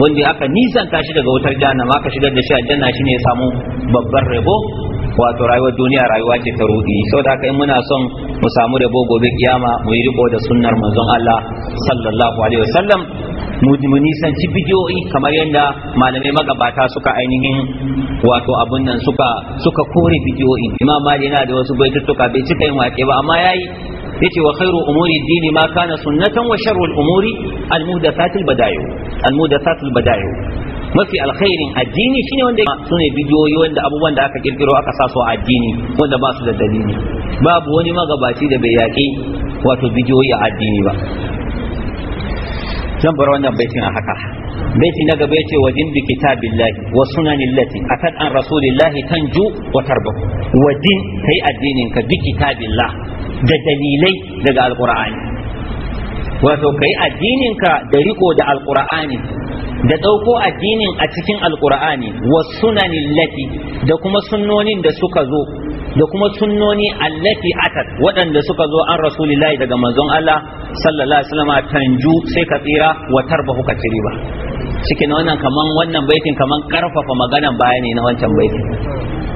wanda aka nisan tashi daga wutar jahannama aka shigar da shi aljanna shine ya samu babbar rabo wato rayuwar duniya rayuwa ce ta sau da haka muna son mu samu da gobe kiyama mu yi riko da sunnar manzon Allah sallallahu alaihi wasallam mu nisanci bidiyoyi kamar yadda malamai magabata suka ainihin wato abun nan suka suka kore bidiyoyi imam mali yana da wasu baituttuka bai cika yin wake ba amma yayi yace wa khairu umuri dini ma kana sunnatan wa sharru al-umuri al-muhdathat al al mafi alkhairin addini shine wanda sune bidiyoyi wanda abubuwan da aka kirkiro aka sa su a addini wanda ba su da dalili babu wani magabaci da bai yaƙi wato bidiyoyi a addini ba zan bar wannan baitin a haka baiti na gaba yace wajin bi kitabillahi wa sunanillati akad an rasulillahi tanju wa tarbu wajin kai addinin ka bi kitabillah da dalilai daga alqur'ani wato kai addinin ka da riko da alqur'ani da ɗauko addinin a cikin alkur'ani wa sunanin lati da kuma sunnonin da suka zo da kuma sunnoni allati atat waɗanda suka zo an rasulillahi daga manzon Allah sallallahu alaihi wasallam tanju sai ka tsira wa tarba huka ba cikin wannan kaman wannan baitin kaman karfafa maganan baya ne na wancan baitin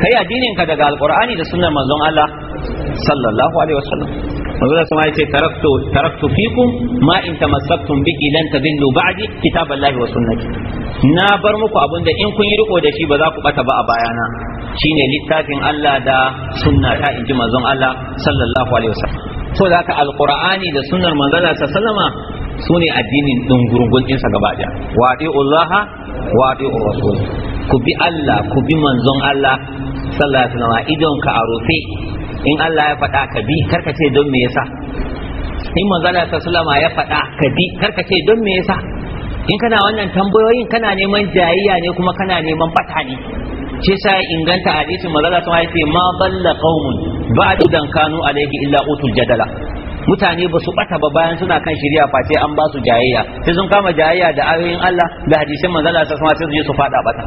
kai addinin ka daga alkur'ani da sunnar manzon Allah sallallahu alaihi wasallam manzo sama yace taraktu taraktu fikum ma in tamassaktum bihi lan tadillu ba'di kitaballahi wa sunnati na bar muku abinda in kun yi riko da shi ba za ku bata ba a bayana shine littafin Allah da sunna ta inji manzon Allah sallallahu alaihi wasallam so da haka alqur'ani da sunnar manzon Allah sallama sune addinin dungurungun din gaba daya wa atiullaha rasul ku bi Allah ku bi manzon Allah sallallahu alaihi wasallam idon ka a rufe in Allah ya faɗa ka bi karka ce don me yasa in manzon Allah sallallahu alaihi ya faɗa ka bi karka ce don me yasa in kana wannan tambayoyin kana neman jayayya ne kuma kana neman fata ne ce sa inganta hadisin manzon Allah sallallahu alaihi wasallam ya ce ma balla qaumun ba'du dan kanu alayhi illa utul jadala mutane ba su bata ba bayan suna kan shirya face an ba su jayayya sai sun kama jayayya da ayoyin Allah da hadisin manzon Allah sallallahu alaihi wasallam sai su je su fada bata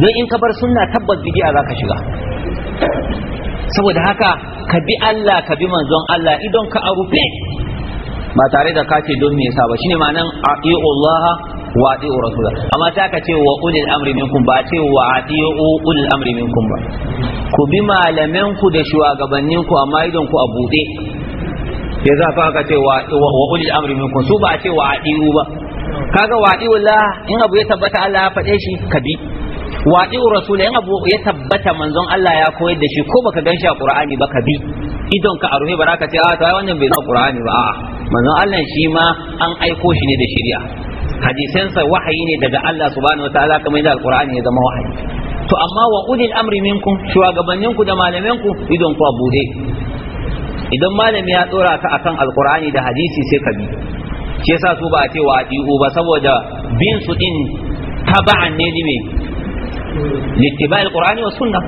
don in ka bar sunna tabbas bid'a zaka shiga saboda haka ka bi Allah ka bi manzon Allah idan ka arufe ba tare da kace don me yasa ba shine ma'anan atiu Allah wa atiu rasul amma ta ka ce wa ulil amri minkum ba ce wa atiu ulil amri minkum ba ku bi malamin ku da shugabannin ku amma idan ku a bude ya za fa aka ce wa ulil amri kun su ba a ce wa adiu ba kaga wa la in abu ya tabbata Allah ya faɗe shi ka bi wa adiu rasul in abu ya tabbata manzon Allah ya koyar da shi ko baka ganshi a Qur'ani ba ka bi idon ka a ba ka ce a ah, to wannan bai zama Qur'ani ba a manzon Allah shi ma an aiko shi ne da shari'a hadisansa wahayi ne daga Allah subhanahu wataala kamar yadda alqur'ani ya zama wahayi to amma wa ulil amri minkum shugabannin da malaminku ku idon ku a bude idan malami ya tsora ka akan alkur'ani da hadisi sai ka bi shi yasa su ba a ce wa adi'u ba saboda bin su din taba'an ne lime littiba alkur'ani wa sunna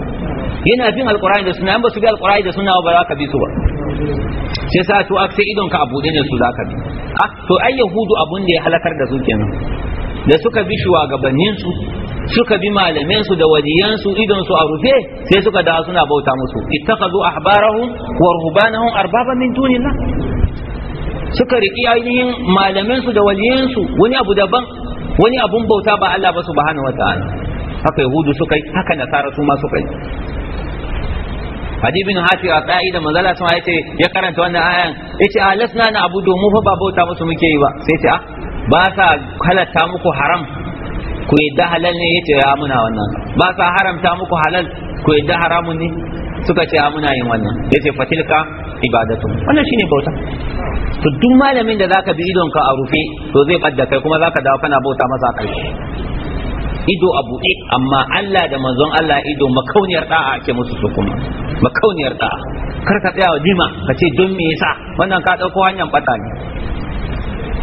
yana bin alkur'ani da sunna in ba su bi alkur'ani da sunna ba za ka bi su ba shi yasa to ak sai idon ka abu ne su za ka bi ah to ai yahudu abun da ya halakar da su kenan da suka bi shugabanninsu suka bi malamin su da wadiyan su idan su a rufe sai suka dawo suna bauta musu ittakhadhu ahbarahum wa ruhbanahum arbaban min dunillah suka riki ainihin malamin su da waliyan su wani abu daban wani abun bauta ba Allah ba subhanahu wataala haka yahudu suka yi haka nasara su ma suka yi hadi bin hati a ka'ida mazala sun ya ya karanta wannan ayan yace alasna na abu domin fa ba bauta musu muke yi ba sai ce ah ba sa halatta muku haram ku yadda halal ne yace ya muna wannan ba sa haramta muku halal ku yadda haramun ne suka ce ya muna yin wannan yace fatilka ibadatu wannan shine bauta to duk malamin da zaka bi idon ka a rufe to zai badda kai kuma zaka dawo kana bauta masa kai, ido a buɗe amma Allah da manzon Allah ido makauniyar da'a ake musu su kuma makauniyar da'a kar ka tsaya wa jima ka ce don me yasa wannan ka ɗauko hanyar bata ne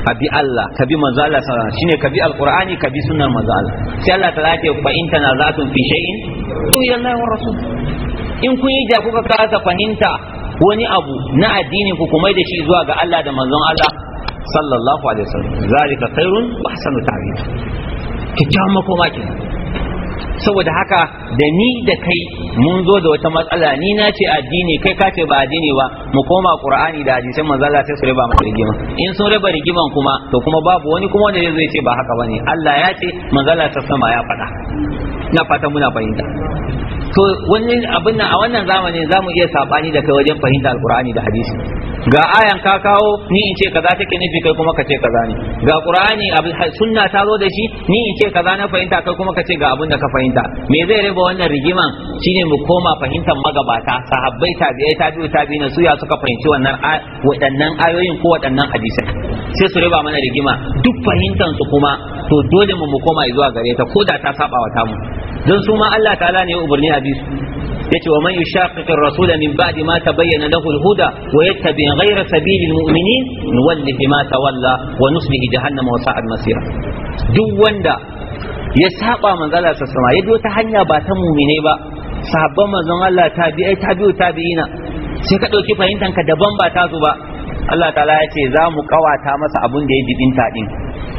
a bi Allah ka bi manzo Allah sallallahu alaihi shine ka bi alqur'ani ka bi sunnar manzo Allah sai Allah ta ce fa in tanazatun fi shay'in to ila Allah wa rasul in kun yi da kuka kasa fahimta wani abu na addinin ku kuma da shi zuwa ga Allah da manzon Allah sallallahu alaihi wasallam zalika khairun wa ahsanu ta'wil kikkiawan makoma kenan saboda haka da ni da kai mun zo da wata matsala ni na ce addini kai ka ce ba addini ba mu koma qur'ani da hadisin manzo Allah sai su riba mu rigima in sun riba rigiman kuma to kuma babu wani kuma wanda zai ce ba haka bane Allah ya ce manzo Allah ta sama ya faɗa na fata muna fahimta to wani abin nan a wannan zamanin zamu iya sabani da kai wajen fahimta alqur'ani da hadisi ga ayan ka kawo ni in ce kaza take nufi kai kuma ka ce kaza ne ga qur'ani sunna ta zo da shi ni in ce kaza na fahimta kai kuma ka ce ga abin da ka fahimta fahimta me zai raba wannan rigiman shine mu koma fahimtar magabata sahabbai tabi'ai tabi'u tabi'ina su ya suka fahimci wannan waɗannan ayoyin ko waɗannan hadisan sai su raba mana rigima duk fahimtar su kuma to dole mu mu koma zuwa gare ta koda ta saba wa tamu don su ma Allah ta'ala ne ya umarni a bisu yace wa man yushaqiqir rasula min ba'di ma tabayyana lahu al-huda wa yattabi ghayra sabili al-mu'minin nuwallihi ma tawalla wa nuslihi jahannama wa sa'at masira duk wanda ya saba manzala sa sama ya biyo ta hanya ba ta mumine ba sahabban manzon Allah ta ta bi ina sai ka dauki fahimtan ka daban ba zo ba Allah ta'ala ya ce za mu kawata masa abun da ya jibinta din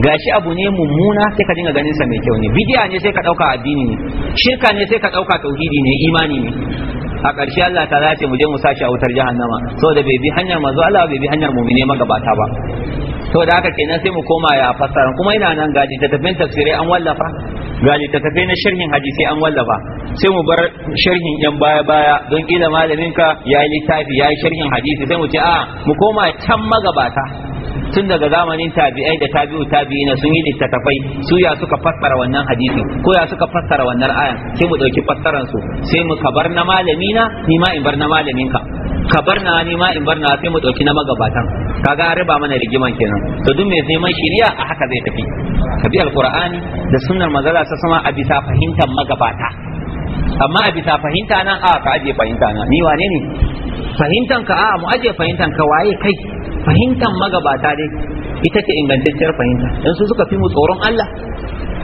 gashi abu ne mummuna sai ka dinga ganin sa mai kyau ne bidiya ne sai ka dauka addini ne shirka ne sai ka dauka tauhidi ne imani ne a ƙarshe Allah ta ce mu je mu sashi a wutar jahannama saboda bai bi hanyar manzo Allah bai bi hanyar mu'mine magabata ba da aka kenan sai mu koma ya fassara kuma ina nan gaji ta tafin tafsirai an wallafa gaji ta na sharhin hadisi an wallafa sai mu bar sharhin yan baya baya don kila malamin ka yayi littafi yi sharhin hadisi sai mu ce a mu koma can magabata tun daga zamanin tabi'ai da tabi'u na sun yi littattafai su ya suka fassara wannan hadisi ko ya suka fassara wannan ayan sai mu dauki fassaran su sai mu bar na malamina ni ma in bar na malamin ka ka bar na ni ma in bar na sai mu dauki na magabatan kaga riba mana rigiman kenan to duk mai neman shiriya a haka zai tafi ka bi alqur'ani da sunnar manzala ta sama a bisa fahimtar magabata amma a bisa fahimta nan a ka aje fahimta nan ni wane ne fahimtan ka a mu aje fahimtan ka waye kai fahimtan magabata dai ita ce ingantacciyar fahimta dan su suka fi mu tsoron Allah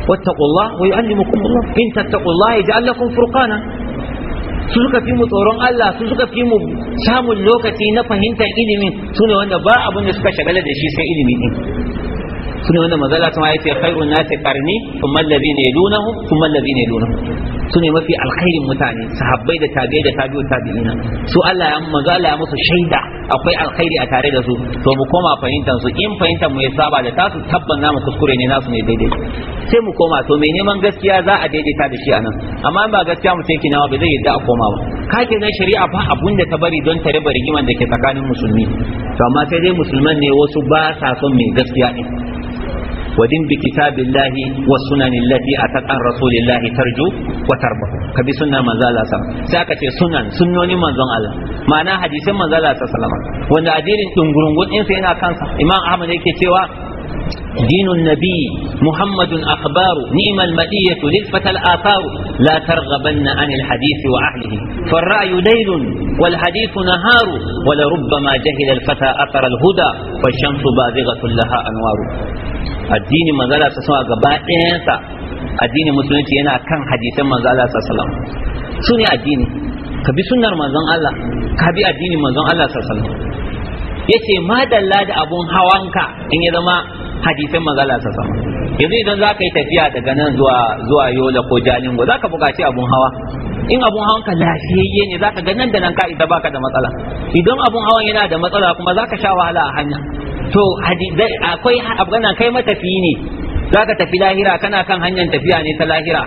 wattaqullah wa yu'allimukum Allah in tattaqullah yaj'al lakum furqana su suka fi mu tsoron Allah su suka fi mu samun lokaci na fahimtar ilimin su ne wanda ba abin da suka shagala da shi sai ilimi sune wanda manzo Allah ya ce khairun nasi luna thumma allazina yalunahum thumma allazina yalunahum sune mafi alkhairin mutane sahabbai da tabi'ai da tabi'u tabi'ina su Allah ya mazala ya musu shaida akwai alkhairi a tare da su to mu koma fahimtar su in fahimtar mu ya saba da tasu tabban namu kuskure ne nasu ne daidai sai mu koma to mai neman gaskiya za a daidaita da shi anan amma ba gaskiya mu ki nawa ba zai yadda a koma ba ka ke zan shari'a fa abun da ta bari don tare bari giman da ke tsakanin musulmi to amma sai dai musulman ne wasu ba sa son mai gaskiya din wadin bi kitabillahi was a lati ataqa rasulillahi tarju wa tarba ka bi sunnar manzo Allah sai aka ce sunan sunnonin manzon Allah ma'ana hadisin manzo Allah sallallahu alaihi wasallam wanda addinin dungurungun din yana kansa imam ahmad yake cewa دين النبي محمد أخبار نعم المدية للفتى الآثار لا ترغبن عن الحديث وأهله فالرأي ليل والحديث نهار ولربما جهل الفتى أثر الهدى فالشمس باذغة لها أنوار الدين مزالة ذلك سسوى قبائنسا الدين مسلمين ينا كان حديثا من ذلك سسلم سنة الدين كبي سنة رمضان الله كبي الدين من ذلك سسلم yace madalla da abun hawanka in hadisin manzala sa sama yanzu idan za ka yi tafiya daga nan zuwa yola ko jalingo za ka buƙaci abun hawa in abun hawan ka lafiyayye ne za ka ga nan da nan ka'ida ka da matsala idan abun hawan yana da matsala kuma za ka sha wahala a hanya to akwai abgana kai matafiyi ne za ka tafi lahira kana kan hanyar tafiya ne ta lahira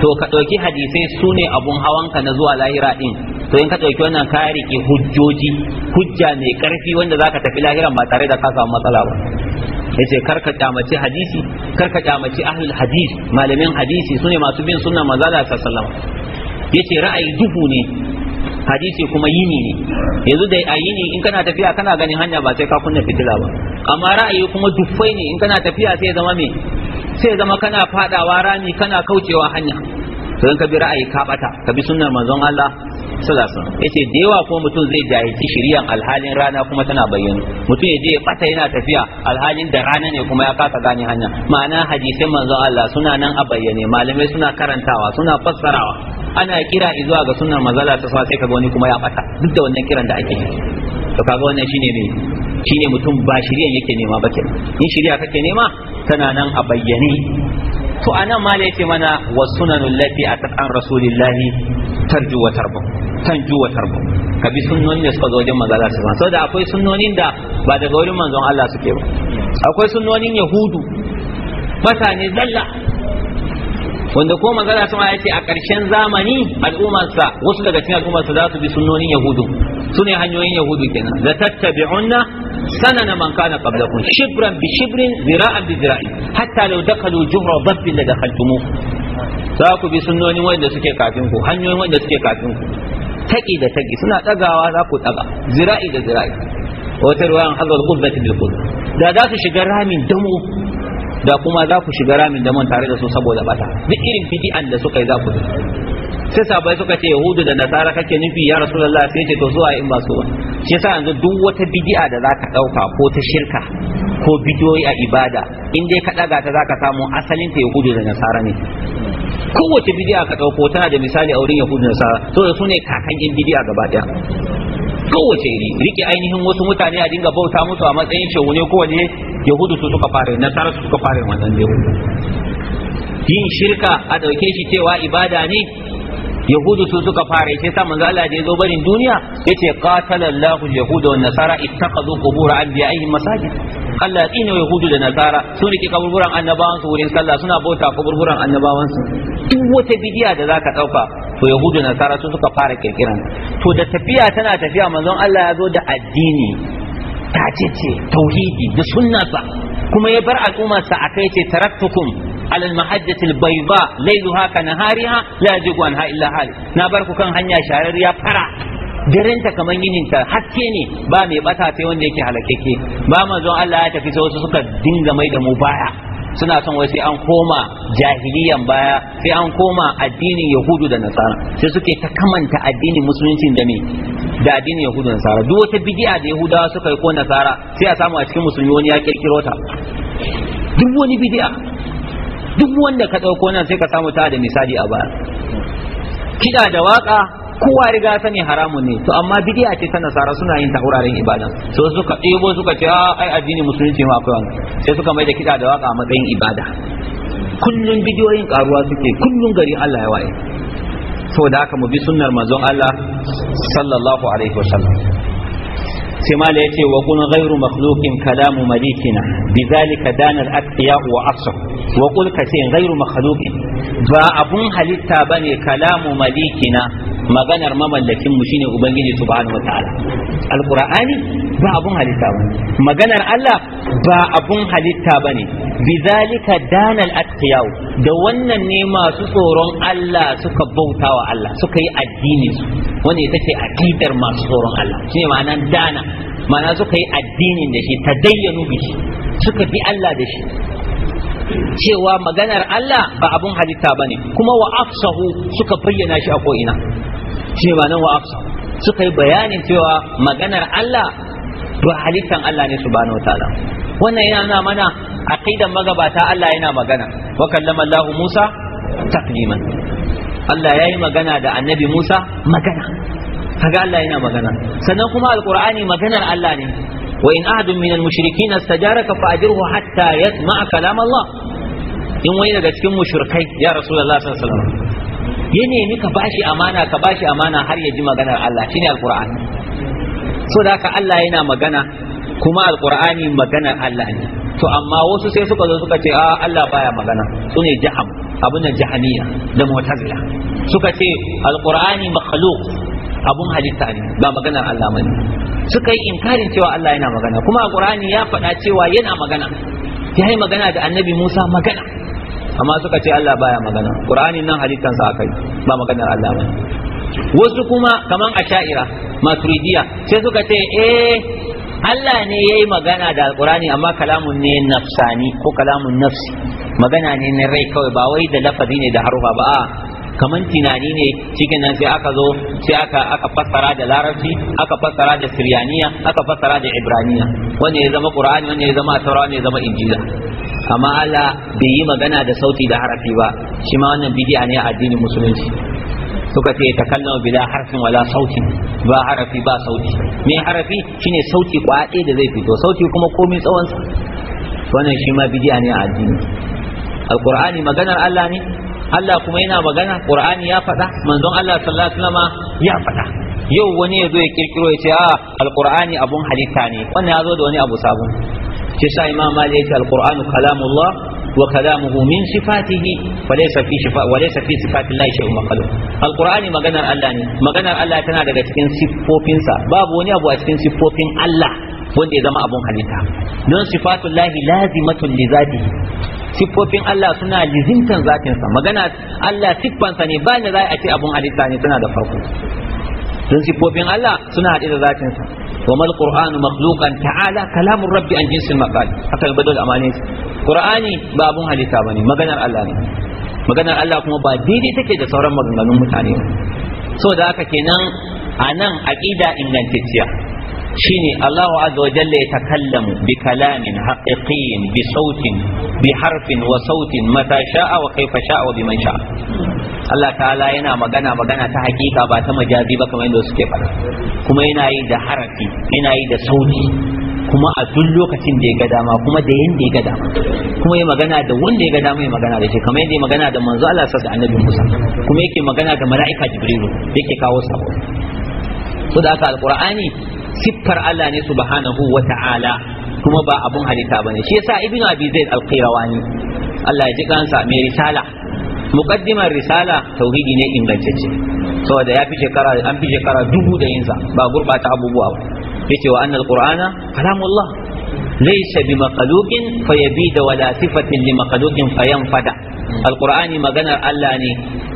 to ka ɗauki hadisai su ne abun hawan ka na zuwa lahira ɗin to in ka ɗauki wannan ka rike hujjoji hujja mai ƙarfi wanda za ka tafi lahiran ba tare da ka samu matsala ba yace karka kyamace hadisi karka kyamace ahlul hadis malamin hadisi sune masu bin sunna manzo Allah sallallahu alaihi yace ra'ayi duhu ne hadisi kuma yini ne yanzu da a yini in kana tafiya kana ganin hanya ba sai ka kunna fitila ba amma ra'ayi kuma dufai ne in kana tafiya sai zama me sai zama kana fadawa rami kana kaucewa hanya don ka bi ra'ayi ka bata ka bi sunnar manzon Allah sallallahu yace da yawa ko mutum zai jahilci shiriyan alhalin rana kuma tana bayyana mutum ya je ya bata yana tafiya alhalin da rana ne kuma ya kasa gane hanya ma'ana hadisin manzon Allah suna nan a bayyane malamai suna karantawa suna fassarawa ana kira zuwa ga sunnar manzala ta sai kaga wani kuma ya bata duk da wannan kiran da ake yi to kaga wannan shine ne shine mutum ba shiriyan yake nema ba kenan in shiriya kake nema tana nan a bayyane to anan ma da yake mana wa sunanul lati a an rasulillahi tarju wa tarbu tanju ka bi sunnoni da suka zo wajen manzo Allah subhanahu saboda akwai sunnonin da ba daga wurin manzon Allah suke ba akwai sunnonin yahudu mutane zalla wanda ko manzo Allah subhanahu yace a ƙarshen zamani al'ummarsa wasu daga cikin al'ummarsa za su bi sunnonin yahudu Su ne hanyoyin yahudu kenan la tattabi'unna sanana man kana qablakum shibran bi shibrin zira'an bi zira'in hatta law dakalu juhra dabbin la dakhaltumu za ku bi sunnonin wanda suke kafin ku hanyoyin wanda suke kafin ku taki da taki suna dagawa za ku daga zira'i da zira'i wata ruwayan hazal qubbati bil qud da za su shiga ramin damo da kuma za ku shiga ramin damon tare da su saboda bata duk irin bid'an da suka yi za ku sai sabai suka ce yahudu da nasara kake nufi ya rasulullah sai ce to zuwa in ba su ba shi yasa yanzu duk wata bid'a da zaka dauka ko ta shirka ko bidiyoyi a ibada in dai ka daga ta zaka samu asalin ta yahudu da nasara ne kowace bid'a ka dauko tana da misali a wurin yahudu da nasara to da su ne kakakin bid'a gaba daya kowace iri rike ainihin wasu mutane a dinga bauta musu a matsayin ko kowane yahudu su suka fara nasara su suka fara wannan yin shirka a dauke shi cewa ibada ne yahudu su suka fara shi sa manzo Allah ya zo barin duniya yace qatalallahu yahuda wa nasara ittakhadhu qubur anbiya'ihim masajid Allah tsine yahudu da nasara sun rike kaburburan annabawan su wurin sallah suna bauta kaburburan annabawan su duk wata bidiya da zaka dauka to yahudu da nasara su suka fara kirkiran to da tafiya tana tafiya manzon Allah ya zo da addini ta ce tauhidi da sunnata kuma ya bar al'ummarsa kai ce taraktukum ala al-mahajjati al-bayda laylaha ka nahariha la yajigu anha illa hali na bar ku kan hanya shararriya fara darenta kamar yininta haske ne ba mai bata sai wanda yake halakeke ba manzon Allah ya tafi sai wasu suka dinga mai da mu baya suna son wai sai an koma jahiliyan baya sai an koma addinin yahudu da nasara sai suke ta kamanta addinin musulunci da me da addinin yahudu da nasara duk wata bid'a da yahudawa suka yi ko nasara sai a samu a cikin musulmi wani ya kirkiro ta duk wani bid'a duk wanda ka ɗauko nan sai ka samu ta da misali a baya kiɗa da waka, kowa riga sani haramun ne to amma bidiya ce ta nasara suna yin ta wuraren ibadan so suka ɗebo suka ce ah, ai addini musulunci ma akwai sai suka mai da kiɗa da waka a matsayin ibada kullun bidiyoyin karuwa suke kullun gari Allah ya waye da haka mu bi sunnar manzon Allah sallallahu alaihi wasallam sai mala ya ce wa kun ghairu makhluqin kalamu malikina bizalika danal atqiya wa asr wa ce ghairu makhluqin ba abun halitta bane kalamu malikina maganar mamallakin mu shine ubangiji subhanahu wataala alqur'ani ba abun halitta ba maganar Allah ba abun halitta bane bizalika danal atqiyau da wannan ne masu tsoron Allah suka bauta wa Allah suka yi addini su wanda ita ce aqidar masu tsoron Allah shine ma'anar dana ma'ana suka yi addinin da shi tadayyanu bi suka bi Allah da shi cewa maganar Allah ba abun halitta ba ne kuma wa afsahu suka bayyana shi a ko'ina shi ne nan wa afsa suka yi bayanin cewa maganar Allah ba halittan Allah ne subhanahu wataala wannan yana nuna mana aqidan magabata Allah yana magana wa kallama Allah Musa takliman Allah yayi magana da annabi Musa magana kaga Allah yana magana sannan kuma alqur'ani maganar Allah ne wa in ahadun min al-mushrikin istajaraka fa ajirhu hatta yasma'a kalam Allah in wani daga cikin mushrikai ya rasulullah sallallahu alaihi wasallam ya nemi ka bashi amana ka bashi amana har ya ji maganar Allah shine alquran so da haka Allah yana magana kuma alqur'ani maganar Allah ne to amma wasu sai suka zo suka ce a Allah baya magana sune jaham abun jahaniya da mu'tazila suka ce alqur'ani makhluq abun halitta ne ba maganar Allah bane suka yi inkarin cewa Allah yana magana kuma alqur'ani ya faɗa cewa yana magana ya yi magana da annabi Musa magana amma suka ce Allah baya magana Qur'ani nan sa akai ba maganar Allah ba wasu kuma kaman asha'ira maturidiya sai suka ce eh Allah ne yayi magana da Qur'ani amma kalamun ne nafsani ko kalamun nafsi magana ne na rai kawai ba wai da lafazi ne da haruwa ba kaman tunani ne cikin nan sai aka zo sai aka aka fassara da larabci aka fassara da Siriyaniya aka fassara da ibraniya wanda ya zama qur'ani wanda ya zama taura wanda ya zama injila amma Allah bai yi magana da sauti da harafi ba shi ma wannan bid'a ne a addinin musulunci suka ce ta kallon bila harfin wala sauti ba harafi ba sauti me harafi shine sauti kwaɗe da zai fito sauti kuma komai tsawonsa wannan shi ma bid'a ne a addini alqur'ani maganar Allah ne Allah kuma yana magana Qur'ani ya faɗa manzon Allah sallallahu alaihi wasallam ya faɗa yau wani ya zo ya kirkiro ya ce a ah, alqur'ani abun halitta ne wannan ya zo da wani abu sabon shi sa imam malik ya ce alqur'anu kalamullah wa kalamuhu min sifatihi walaysa fi shifa walaysa fi sifatillahi shay'un makhluq alqur'ani maganar Allah ne maganar Allah tana daga cikin siffofinsa babu wani abu a cikin siffofin Allah wanda ya zama abun halitta don sifatullahi lazimatun li zatihi siffofin Allah suna lizintan zatinsa magana Allah siffansa ne ba da za a ce abun halitta ne suna da farko don siffofin Allah suna haɗe da zatinsa wa mal qur'anu makhluqan ta'ala kalamun rabbi an jinsin maqal haka badal amani qur'ani ba abun halitta bane maganar Allah ne maganar Allah kuma ba daidai take da sauran maganganun mutane so da haka kenan a nan aqida ingantacciya shine Allahu azza wa jalla ya takallamu bi kalamin haqiqin bi sautin bi harfin wa sautin mata sha'a wa kaifa sha'a wa biman sha'a Allah ta'ala yana magana magana ta hakika ba ta majazi ba kamar yadda suke faɗa kuma yana yi da harafi yana yi da sauti kuma a duk lokacin da ya ga dama kuma da yanda ya ga dama kuma ya magana da wanda ya ga dama ya magana da shi kamar yadda ya magana da manzo Allah sa da annabi Musa kuma yake magana da mala'ika Jibrilu yake kawo sabo. sako saboda haka alqur'ani siffar Allah ne subhanahu wa ta'ala kuma ba abun halitta bane shi yasa ibnu abi zaid al-qirawani Allah ya ji kansa mai risala muqaddimar risala tauhidi ne ingantacce saboda ya fi shekara an fi shekara dubu da yinsa ba gurbata abubuwa ba yace wa annal qur'ana kalamullah laysa bi makhluqin fayabi da wala sifatin li fayan fayanfada alqur'ani maganar Allah ne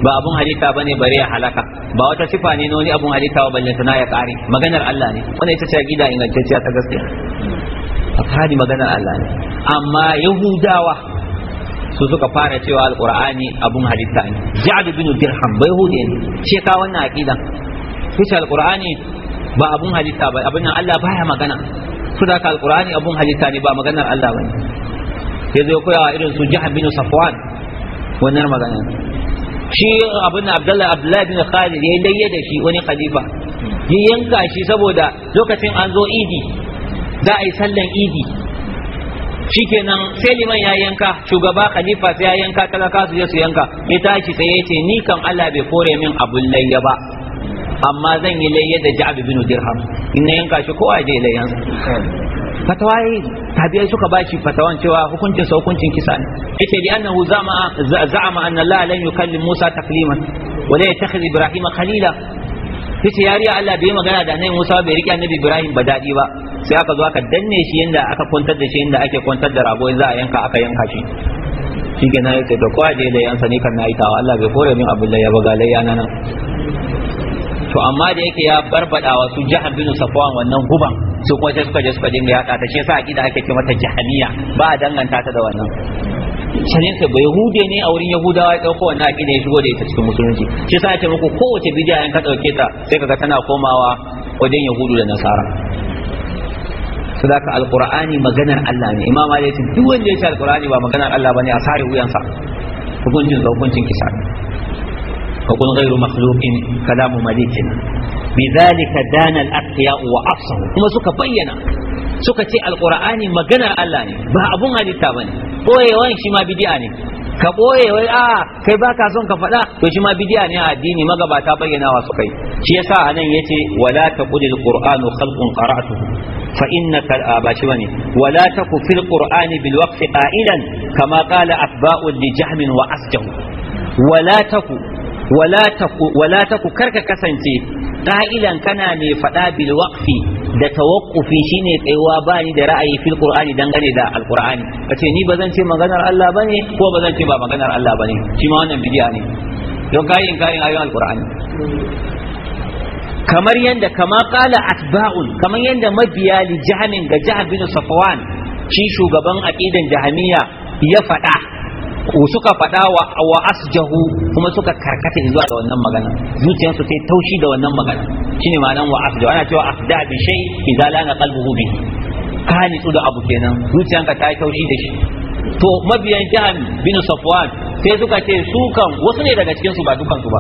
ba abun halitta bane bare ya halaka ba wata sifa ne na wani abun halitta ba balle tana ya kare maganar Allah ne wannan ita ce gida ingantacciya ta gaskiya afhadi maganar Allah ne amma yahudawa su suka fara cewa alqur'ani abun halitta ne ja'd bin dirham bai hude ne ce ka wannan aqidan kace alqur'ani ba abun halitta ba abin Allah baya magana saboda alqur'ani abun halitta ne ba maganar Allah bane sai zai koya irin su jihar bin safwan wannan magana shi abin abdullahi abdullahi bin khalid ya layya da shi wani khalifa ya yanka shi saboda lokacin an zo idi za a yi sallan idi shikenan sai liman ya yanka shugaba khalifa sai ya yanka talaka su je su yanka ya tashi sai ya ce ni kan Allah bai kore min abun layya ba amma zan yi layya da Ja'ab bin Dirham in na yanka shi kowa je layyansa fatawa yi tabi'ai suka ba shi fatawan cewa hukuncin sa hukuncin kisa ne yace li annahu zama za'ama anna Allah lan yukallim Musa takliman wa la yattakhidh Ibrahim khalila yace yariya Allah bai magana da annabi Musa bai rike annabi Ibrahim ba dadi ba sai aka zo aka danne shi yanda aka kwantar da shi yanda ake kwantar da rago yanzu a yanka aka yanka shi shi ke na yace to kwa je da yansa ne kan na itawa Allah bai kore min abin da ya baga layya nan to amma da yake ya barbada wa su jiha bin safwan wannan guban su kuma sai suka je suka dinga yaɗa ta shi yasa akida ake ce mata jahaniya ba a danganta ta da wannan sanin ka bai hude ne a wurin yahudawa ya dauko wannan akida ya shigo da ita cikin musulunci shi yasa ake muku kowace bidiya in ka dauke ta sai kaga tana komawa wajen yahudu da nasara sadaka alqur'ani maganar Allah ne imam Ali ya ce duk wanda ya ce alqur'ani ba maganar Allah bane a sare wuyansa hukuncin hukuncin kisa فقل غير مخلوق كلام مليكنا بذلك دان الأتقياء وأفصحوا كما سكا بينا سكا تي القرآن مغنى الله با أبون هذه التابن قوي وين شما بدياني ka ɓoye wai a kai baka son ka faɗa to shi ma bidiya ne a addini magabata bayyanawa su kai shi yasa anan yace wala taqulil qur'anu khalqun qara'tuhu fa innaka ba shi bane wala kama kala atba'u li wa asjahu wala taku wala taku karka kasance ƙa'ilan kana mai faɗa bil waqfi da tawakkufi shine tsayuwa ba ni da ra'ayi fil qur'ani dangane da alqur'ani kace ni bazan ce maganar Allah bane ko bazan ce ba maganar Allah bane shi ma wannan bid'a ne don kai inkarin ayoyin alqur'ani kamar yanda kama qala atba'un kamar yanda mabiya li jahamin ga jahab bin safwan shi shugaban aqidan jahamiya ya faɗa suka faɗa wa asjahu kuma suka karkata zuwa da wannan magana zuciyarsu sai taushi da wannan magana shine ma'anan wa asjahu ana cewa asda bi shay idza lana qalbuhu bi ka nitsu da abu kenan zuciyanka ta taushi da shi to mabiyan jahan bin safwan sai suka ce su kan wasu ne daga cikin su ba dukan su ba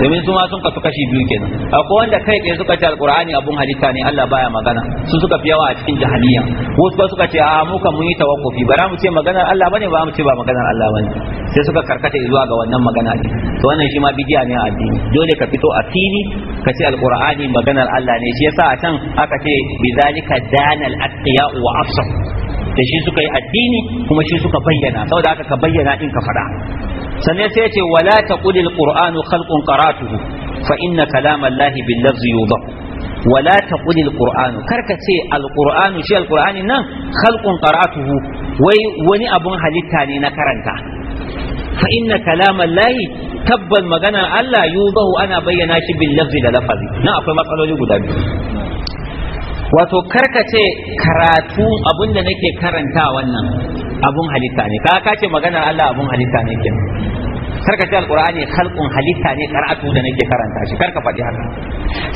domin su ma sun kasu kashi biyu kenan akwai wanda kai tsaye suka ce alqur'ani abun halitta ne Allah baya magana su suka fi yawa a cikin jahiliya wasu ba suka ce a mu kan mun yi tawakkufi ba mu ce maganar Allah bane ba mu ce ba maganar Allah bane sai suka karkata zuwa ga wannan magana ne to wannan shi ma bidiya ne a addini dole ka fito a fili ka ce alqur'ani maganar Allah ne shi yasa a can aka ce bizalika danal atqiya wa afsah da shi suka yi addini kuma shi suka bayyana saboda haka ka bayyana in ka faɗa sannan sai yace wala taqulil qur'anu khalqun qara'tuhu fa inna kalamallahi bil lafzi yudhaq wala taqulil qur'anu karka ce alqur'anu shi alqur'ani nan khalqun qara'tuhu wai wani abun halitta ne na karanta fa inna kalamallahi tabban maganar Allah yudahu ana bayyana shi bil lafzi da lafazi nan akwai matsaloli guda biyu wato ce karatu abinda nake karanta wannan abun halitta ne ka kace maganar Allah abun halitta ne kenan kar ka ce alqur'ani khalqun halitta ne karatu da nake karanta shi kar ka faɗi haka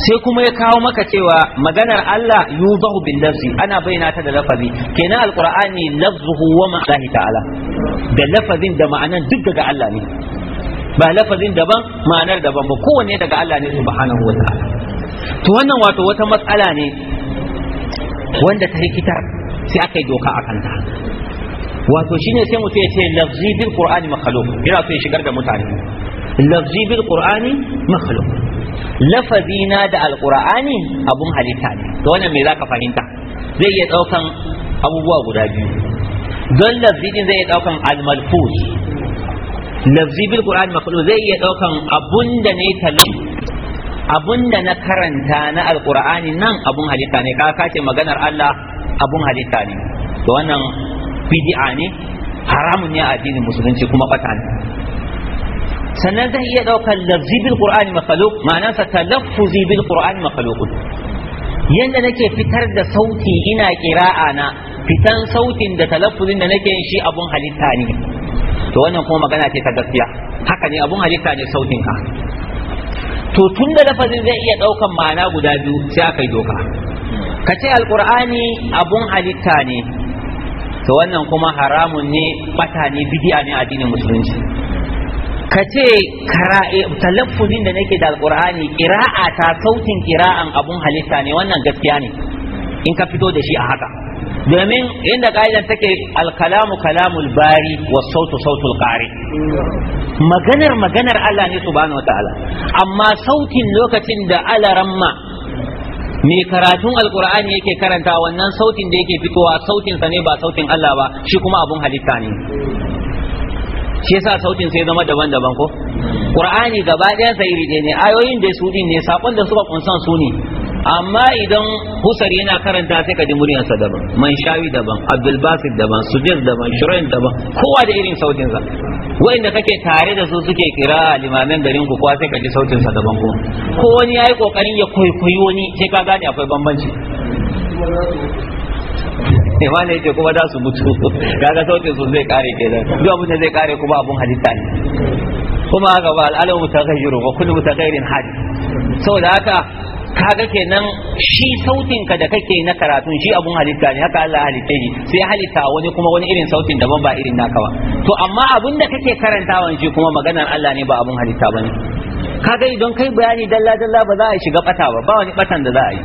sai kuma ya kawo maka cewa maganar Allah yudahu bil lafzi ana bayyana ta da lafazi kenan alqur'ani lafzuhu wa ma'anahi ta'ala da lafazin da ma'anan duk daga Allah ne ba lafazin daban ma'anar daban ba kowanne daga Allah ne subhanahu wa ta'ala to wannan wato wata matsala ne wanda ta rikitar sai aka yi doka a kanta wato shine sai mutum ya ce lafzi bil qur'ani makhluq yana so ya shigar da mutane lafzi bil qur'ani makhluq lafazina da alqur'ani abun halitta ne to wannan me zaka fahimta zai iya daukan abubuwa guda biyu don lafzi din zai iya daukan almalfuz lafzi bil qur'ani makhluq zai iya daukan abunda ne talam abunda na karanta na alqur'ani nan abun halitta ne ka kace maganar Allah abun halitta ne to wannan bid'a ne haramun ne a addinin musulunci kuma bata ne sannan zai iya ɗaukar lafzi bil qur'ani makhluq ma'anarsa talaffuzi bil qur'ani makhluq yanda nake fitar da sauti ina kira'a na fitan sautin da talaffuzin da nake yin shi abun halitta ne to wannan kuma magana ce ta gaskiya haka ne abun halitta ne sautin ka to tun da lafazin zai iya ɗaukan ma'ana guda biyu sai aka yi doka ka ce alƙur'ani abun halitta ne to wannan kuma haramun ne bata ne bid'a ne addinin musulunci ka ce eh, talaffuzin da nake da alqur'ani qira'a ta sautin qira'an abun halitta ne wannan gaskiya ne in ka fito da shi a haka domin inda ka'idar take alkalamu kalamul bari wa sautu sautul qari maganar maganar Allah ne subhanahu wataala amma sautin lokacin da alaramma mai karatun alkur'ani yake karanta wannan sautin da yake fitowa sautin sa ne ba sautin Allah ba shi kuma abun halitta ne shi yasa sautin sai zama daban-daban ko qur'ani gaba ɗaya sai ne ayoyin da su din ne sakon da suka kunsan su ne amma idan husar yana karanta sai ka ji muryarsa daban man shawi daban abdul basit daban sujin daban shirin daban kowa da irin sautin sa wanda kake tare da su suke kira limamin garin ku kowa sai ka ji sautin sa daban ko ko wani yayi kokarin ya kwaikwayi wani sai ka gane akwai bambanci imani eh, yake kuma za su mutu kaga sautin su zai kare kenan duk abin da zai kare kuma abun halitta ne kuma haka ba al'alamu mutaghayyiru wa kullu mutaghayyirin hadi saboda haka kaga kenan shi sautin ka da kake na karatun shi abun halitta ne haka Allah halitta shi sai halitta wani kuma wani irin sautin daban ba irin naka ba to amma abun da kake karantawan shi kuma maganar Allah ne ba abun halitta bane kaga idan kai bayani dalla dalla ba za a shiga bata ba ba wani batan da za a yi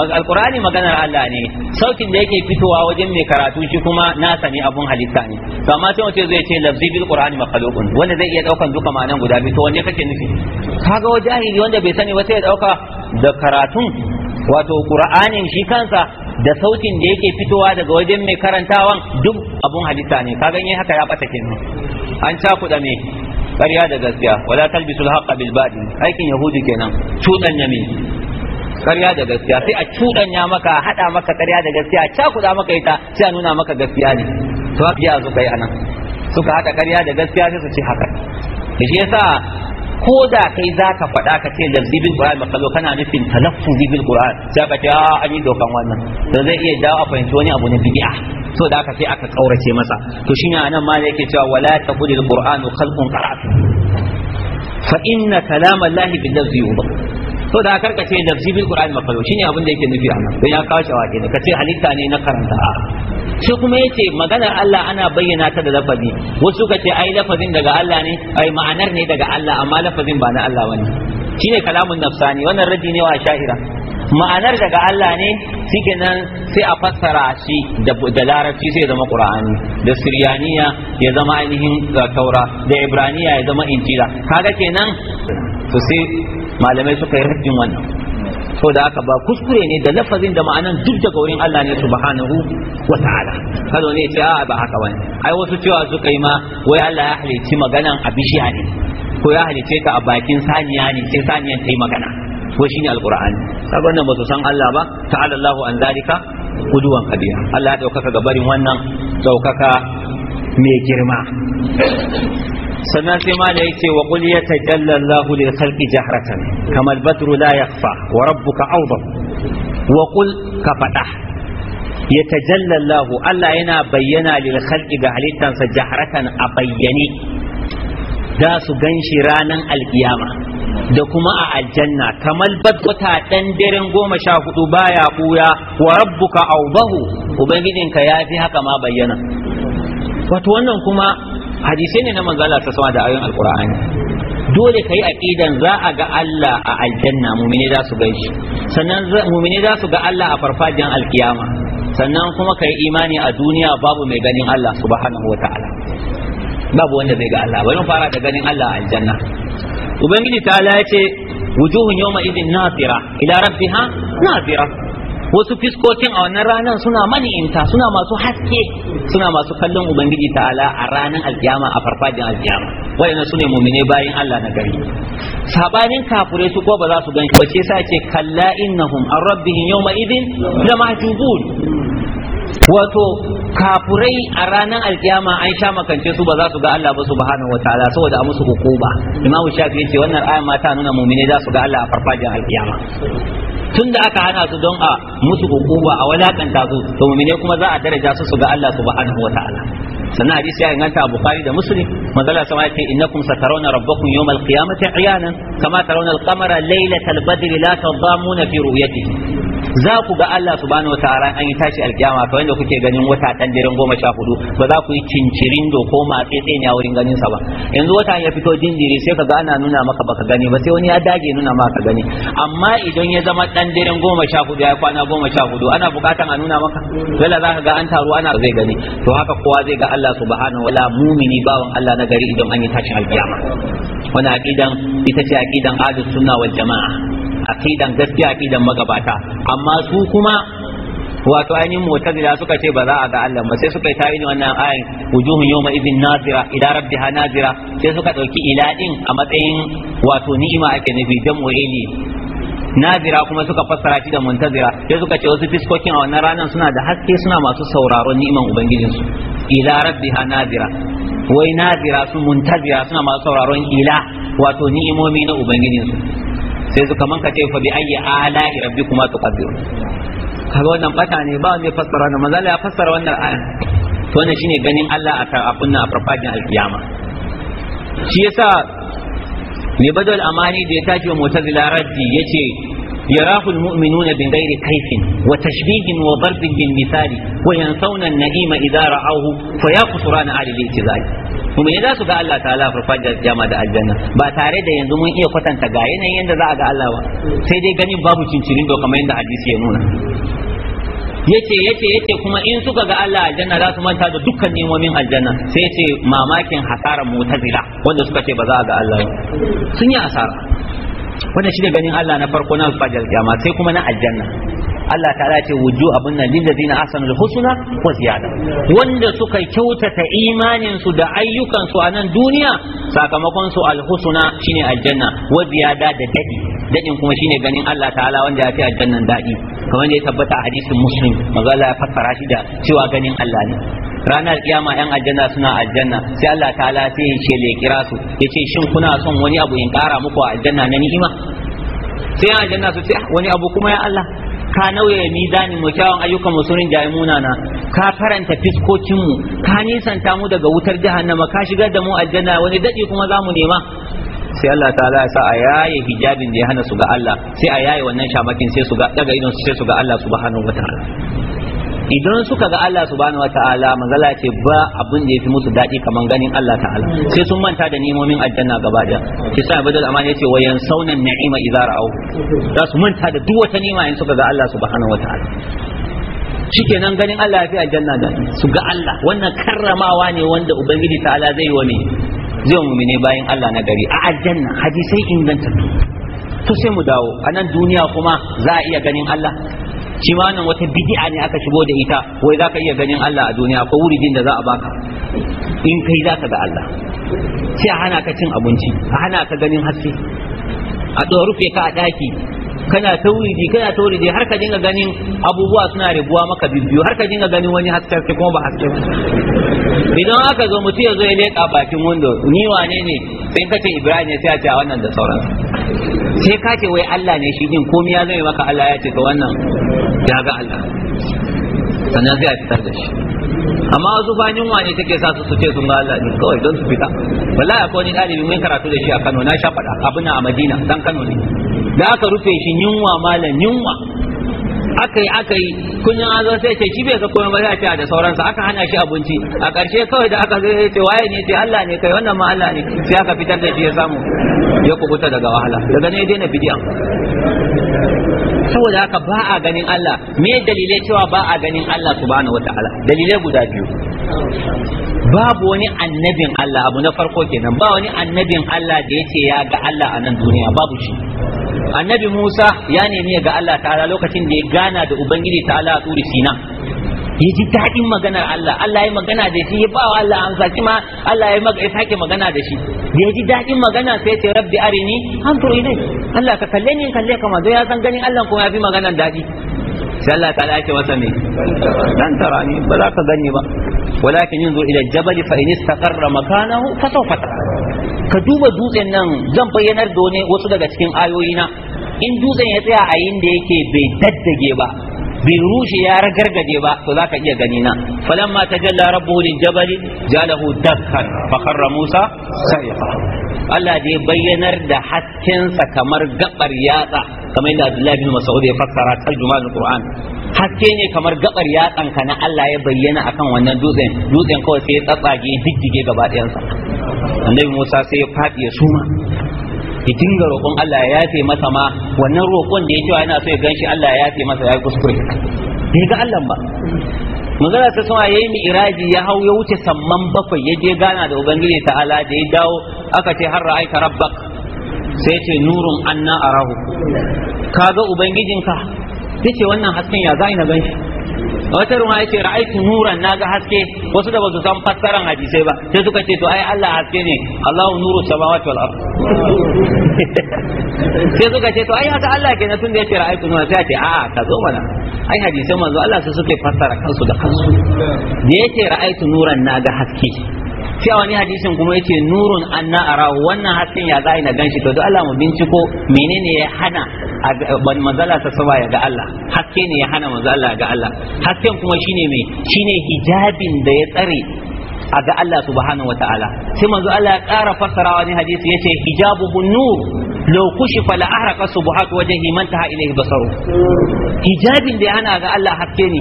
alqur'ani maganar Allah ne sautin da yake fitowa wajen mai karatu shi kuma na ne abun halitta ne amma sai wace zai ce lafzi bil qur'ani makhluqun wanda zai iya daukan duka ma'anan guda biyu to wanne kake nufi kaga wa jahili wanda bai sani ba sai ya dauka da karatun wato qur'anin shi kansa da sautin da yake fitowa daga wajen mai karantawan duk abun halitta ne kaga in haka ya bata kenan an cakuɗa me ƙarya da gaskiya wala talbisul haqqa bil batil aikin yahudi kenan cuɗanya me Karya da gaskiya sai a cuɗanya maka haɗa maka ƙarya da gaskiya a maka ita sai a nuna maka gaskiya ne to haka ya suka yi anan suka haɗa ƙarya da gaskiya sai su ci haka shi yasa ko da kai za ka faɗa ka ce lafzi bil qur'an makalo kana nufin talaffuzi bil qur'an sai ka ce a ah, an yi dokan wannan to zai iya dawo a fahimci wani abu na bid'a so da aka sai aka kaurace masa to shine anan ma yake cewa wala taqulil qur'anu khalqun qara'at fa inna kalama allahi bil lafzi yubah so da kar ka ce nafsi bil qur'ani makalu shine abin da yake nufi a nan ya kawo shawaki ka ce halitta ne na karanta a shi kuma yace maganar Allah ana bayyana ta da lafazi wasu ka ce ai lafazin daga Allah ne ai ma'anar ne daga Allah amma lafazin ba na Allah bane ne kalamun nafsani wannan raddi ne wa sha'ira ma'anar daga Allah ne nan sai a fassara shi da larabci sai zama qur'ani da siryaniya ya zama ainihin uh, taura da ibraniya ya zama injila kaga kenan to sai malamai suka yi rajin wannan to da aka ba kuskure ne da lafazin da ma'anan duk daga wurin Allah ne subhanahu wa ta'ala kada ne ce a ba haka wani ai wasu cewa suka yi ma wai Allah ya halicci maganan a bishiya ne ko ya halice ka a bakin saniya ne sai saniyan ta yi magana ko shine alqur'ani kaga wannan ba su san Allah ba ta'ala Allahu an zalika uduwan kabira Allah ya daukaka ga barin wannan daukaka mai girma sannan sai ma da yace wa qul yatajalla Allahu lil khalqi jahratan kamal badru la yakhfa wa rabbuka awdab wa qul ka fada yatajalla Allah Allah yana bayyana lil khalqi ga halittansa jahratan a bayyane da su ganshi ranan alkiyama da kuma a aljanna kamar badwata dan daren goma sha hudu baya buya wa rabbuka aubahu ubangijinka ya fi haka ma bayyana wato wannan kuma hadisai ne na manzala ta sama da ayoyin alkur'ani dole ka yi aƙidan za a ga Allah a aljanna mumine za su gan shi sannan mumine za su ga Allah a farfajin alkiyama sannan kuma ka yi imani a duniya babu mai ganin Allah subhanahu wa ta'ala babu wanda zai ga Allah bari fara da ganin Allah a aljanna ubangiji ta'ala ya ce wujuhun yawma idin nazira ila rabbiha nazira wasu fiskokin a wannan ranar suna mani'inta suna masu haske suna masu kallon ubangiji ta'ala a ranar alkiyama a farfajin alkiyama waɗanda su ne mumine bayan Allah na gari sabanin kafure su ko ba za su gan shi ba ce sa ce kalla innahum an rabbihim yawma na la mahjubun wato kafurai a ranar alkiyama an sha makance su ba za su ga Allah ba subhanahu wataala saboda a musu hukuma imamu shafi yace wannan aya ma ta nuna mu'mine za su ga Allah a farfajiyar alkiyama tunda aka hana su don a musu hukuma a walakanta su to mu'mine kuma za a daraja su su ga Allah subhanahu wataala sannan hadisi ya inganta a bukhari da muslim manzala sama yace innakum satarawna rabbakum yawmal qiyamati iyanan kama tarawna al-qamara laylatal badri la tadamuna fi ru'yatihi za ku ga Allah subhanahu wataala an yi tashi alkiyama kamar yadda kuke ganin wata dan daren goma sha hudu ba za ku yi cincirin do ko a wurin ganin sa ba yanzu wata ya fito jinjiri sai ka ga ana nuna maka baka gani ba sai wani ya dage nuna maka gani amma idan ya zama dan daren goma sha hudu ya kwana goma sha hudu ana bukatan a nuna maka dole za ka ga an taru ana zai gani to haka kowa zai ga Allah subhanahu wala mumini bawan Allah na gari idan an yi tashi alkiyama wannan aqidan ita ce aqidan ahlus sunna wal jamaa aqidan gaskiya aqidan magabata amma su kuma wato ainihin mu'tazila suka ce ba za a ga Allah ba sai suka yi tawili wannan ayin wujuhun yawma idin nazira ila rabbiha nazira sai suka dauki ila din a matsayin wato ni'ima ake nufi dan mu'ili nazira kuma suka fassara shi da muntazira sai suka ce wasu fiskokin a wannan ranar suna da haske suna masu sauraron ni'iman ubangijinsu ila rabbiha nazira wai nazira su muntazira suna masu sauraron ila wato ni'imomi na ubangijinsu sai su kaman ka ce fa bi ayyi ala rabbikuma ka kaga wannan bata ne ba mai fassara wannan manzo ya fassara wannan aya to wannan shine ganin Allah a a kunna a farfajin alkiyama shi yasa mai badal amani da ya tace wa mu'tazila raddi yace يراه المؤمنون بغير كيف وتشبيه وضرب بالمثال وينسون النعيم إذا رأوه فيا خسران على الابتذال kuma ne za su ga Allah ta'ala farfajar jama da aljanna ba tare da yanzu mun iya kwatanta ga yanayin yadda za a ga Allah ba sai dai ganin babu cincirin do kamar yadda hadisi ya nuna yace yace yace kuma in suka ga Allah aljanna za su manta da dukkan nemomin aljanna sai yace mamakin hasaran mutazila wanda suka ce ba za a ga Allah ba sun yi asara wannan shine ganin Allah na farko na alfajar kiyama sai kuma na aljanna Allah ta ce wujo abin nan din da zina asan alhusuna ko ziyada wanda suka kyautata imanin su da ayyukan su a nan duniya sakamakon su alhusuna shine aljanna wa ziyada da dadi dadin kuma shine ganin Allah ta'ala wanda ya fi aljannan dadi kamar da ya tabbata a hadisin muslim magana ya fassara shi da cewa ganin Allah ne ranar kiyama yan aljanna suna aljanna sai Allah ta'ala sai ya ce le kira su yace shin kuna son wani abu in kara muku a aljanna na ni'ima sai aljanna su ce ah, wani abu kuma ya Allah ka nauye mizanin mu kyawun ayyukan musulun sunin munana na ka faranta fiskokin mu ka nisanta mu daga wutar jihar jahannama ka shigar da mu aljanna wani dadi kuma zamu nema sai Allah ta'ala ya sa a yaye hijabin da ya hana su ga Allah sai a yaye wannan shamakin sai su ga daga idon sai su ga Allah subhanahu wataala idan suka ga Allah subhanahu wataala manzala ce ba abin da fi musu daɗi kaman ganin Allah ta'ala sai sun manta da nimomin aljanna gaba da shi sa badal amana yace wa yansawna ni'ima idza ra'au za su manta da duk wata ni'ima in suka ga Allah subhanahu wataala shikenan ganin Allah ya fi aljanna da su ga Allah wannan karramawa ne wanda ubangiji ta'ala zai yi wa ne? zai wa mu'mine bayan Allah na gari a aljanna hadisai inganta to sai mu dawo a nan duniya kuma za a iya ganin Allah shi ma nan wata bid'a ne aka shigo da ita wai zaka iya ganin Allah a duniya ko wuridin da za a baka in kai zaka ga Allah sai a hana ka cin abinci a hana ka ganin haske a ɗora rufe ka a ɗaki kana tauridi kana tauridi har ka dinga ganin abubuwa suna rabuwa maka bibbiyu har ka dinga ganin wani haske kuma ba haske idan aka zo mutum ya zo ya leƙa bakin wando ni wane ne sai ka ce ibrahim ya ce a wannan da sauransu sai ka ce wai Allah ne shi din komai ya zai maka Allah ya ce to wannan ya ga Allah sannan sai a fitar da shi amma wasu bayan yunwa ne take sa su ce sun ga Allah ne kawai don su fita wallahi akwai wani dalibi mun karatu da shi a Kano na sha faɗa abuna a Madina dan Kano ne da aka rufe shi yunwa malam yunwa aka yi aka yi kun yi an sai ce shi bai ga komai ba ce da sauransa aka hana shi abinci a ƙarshe kawai da aka zai ce waye ne sai Allah ne kai wannan ma Allah ne sai aka fitar da shi ya samu ya kubuta daga wahala daga ne daina bidiyan saboda haka ba a ganin Allah me dalilai cewa ba a ganin Allah subhanahu wataala dalilai guda biyu babu wani annabin Allah abu na farko kenan ba wani annabin Allah da yace ya ga Allah a nan duniya babu shi annabi Musa ya nemi ga Allah ta'ala lokacin da ya gana da ubangiji ta'ala a turi sina ya ji daɗin maganar Allah Allah ya magana da shi ya ba wa Allah amsa shi ma Allah ya ya sake magana da shi ya ji daɗin magana sai ce rabbi arini anzur ilai Allah ka kalle ni kalle kama zai ya san ganin Allah kuma ya fi maganar daɗi sai Allah ta'ala ya ce masa me dan tarani ba za ka gani ba walakin yanzu ila jabal fa in istaqarra makanahu fa sawfa tara ka duba dutsen nan zan bayyanar da wani wasu daga cikin ayoyina in dutsen ya tsaya a yin da yake bai daddage ba bai rushe ya ragargaje ba to zaka iya gani na falamma tajalla rabbuhu lil jabali jalahu dakkan fa kharra musa Allah da ya bayyanar da haskensa kamar gabar yatsa kamar yadda Abdullahi bin Mas'ud ya fassara tarjuman Qur'an haske ne kamar gabar yatsan ka na Allah ya bayyana akan wannan dutsen dutsen kawai sai ya tsatsage ya dijjige gaba ɗayansa Annabi Musa sai ya fadi ya suma ya dinga roƙon Allah ya yafe masa ma wannan roƙon da ya cewa yana so ya ganshi Allah ya yafe masa ya kuskure bai ga Allah ba magana ta sama yi mi iraji ya hau ya wuce samman bakwai ya je gana da ubangiji ta'ala da ya dawo aka ce har ra'aita rabbak sai ce nurun anna arahu kaga ubangijinka ce wannan hasken ya zai na ganshi wata ruwa yake ra'aitu nuran naga haske wasu da basu san fassaran hadisai ba sai suka ce to ai Allah haske ne Allahu nuru samawati wal ard sai suka ce to ai haka Allah kenan tunda yake ra'aitu nuran sai ce a'a ka zo mana ai hadisai manzo Allah sai suke fassara kansu da kansu da yake ra'aitu nuran naga haske sai wani hadisin kuma yace nurun anna ara wannan hasken ya zai na ganshi to don Allah mu binciko menene ya hana ban manzala ta saba ya ga Allah haske ne ya hana manzala ga Allah hasken kuma shine me shine hijabin da ya tsare a ga Allah subhanahu wataala sai manzo Allah ya ƙara fasara wani hadisi yace hijabu bun nur law kushifa la ahraqa subuhat wajhi man taha ilayhi basaru hijabin da ya hana ga Allah haske ne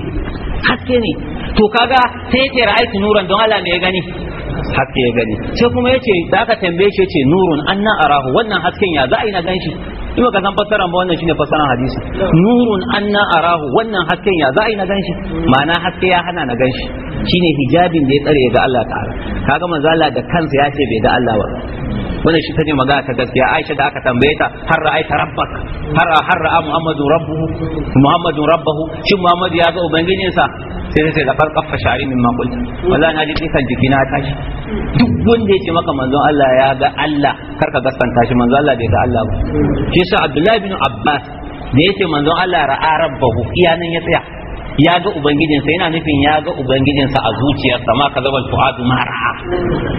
haske ne to kaga sai ya ra'aytu nuran don Allah me ya gani haske ya gani sai kuma yace da aka tambaye shi yace nurun anna arahu wannan hasken ya za a yi na ganshi in ka san fassara ba wannan shine fassaran hadisi nurun anna arahu wannan hasken ya za a yi na ganshi ma'ana haske ya hana na ganshi shine hijabin da ya tsare ga Allah ta'ala kaga manzala da kansa ya ce bai ga Allah ba wannan shi take magana ta gaskiya Aisha da aka tambaye ta har ra'aita rabbak har har ra'a Muhammadu rabbuhu Muhammadu rabbuhu shin Muhammad ya ga ubangijinsa sai sai da farka fashari min makulta wallahi na ji tsikan jiki na tashi duk wanda ce maka manzon Allah ya ga Allah karka gaskanta shi manzon Allah bai ga Allah ba shi sa Abdullahi bin Abbas ne ce manzon Allah ra'a rabbahu iyanan ya tsaya ya ga ubangijinsa yana nufin ya ga ubangijinsa a zuciyarsa ma zama fuadu mara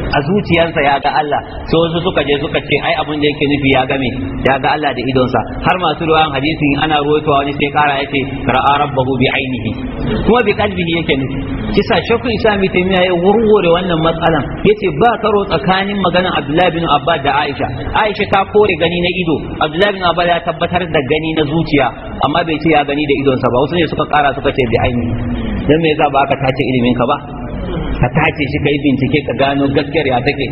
a zuciyarsa ya ga Allah sai wasu suka je suka ce ai abin da yake nufi ya ga me ya ga Allah da idonsa har masu ruwan hadisin ana ruwaitowa wani sai kara yace ra'a rabbahu bi ainihi kuma bi qalbihi yake nufi kisa shakku isami taimiya ya wurwure wannan matsalan yace ba karo tsakanin maganar Abdullahi bin Abbas da Aisha Aisha ta kore gani na ido Abdullahi bin Abbas ya tabbatar da gani na zuciya amma bai ce ya gani da idonsa ba wasu ne suka kara suka ce ce bi aini dan me yasa ba ka tace ilimin ka ba ka tace shi kai bincike ka gano gaskiyar ya take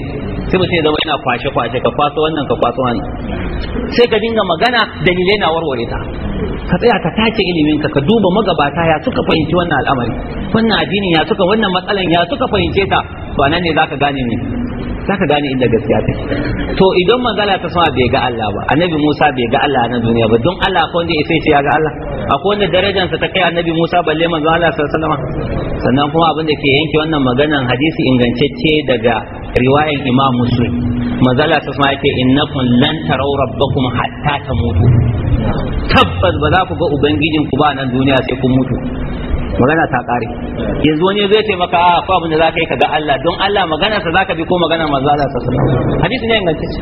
sai mutum ya zama yana kwashe kwashe ka kwaso wannan ka kwaso wannan sai ka dinga magana dalilai na warware ta ka tsaya ka tace ilimin ka ka duba magabata ya suka fahimci wannan al'amari wannan addinin ya suka wannan matsalan ya suka fahimce ta to anan ne zaka gane ni ka gane inda gaskiya take to idan manzala ta sama bai ga Allah ba annabi Musa bai ga Allah na duniya ba don Allah akwai wanda sai ce ya ga Allah akwai wanda darajarsa ta kai annabi Musa balle manzo Allah sallallahu alaihi wasallam sannan kuma abin da ke yanke wannan maganan hadisi ingantacce daga riwayan Imam Muslim manzala ta sama yake innakum lan tarau rabbakum hatta tamutu tabbas ba za ku ga ubangijinku ba nan duniya sai kun mutu magana ta kare yanzu wani zai ce maka a ko abin da zaka yi ka ga Allah don Allah magana sa zaka bi ko magana manzo Allah sallallahu alaihi wasallam hadisi ne ingantacce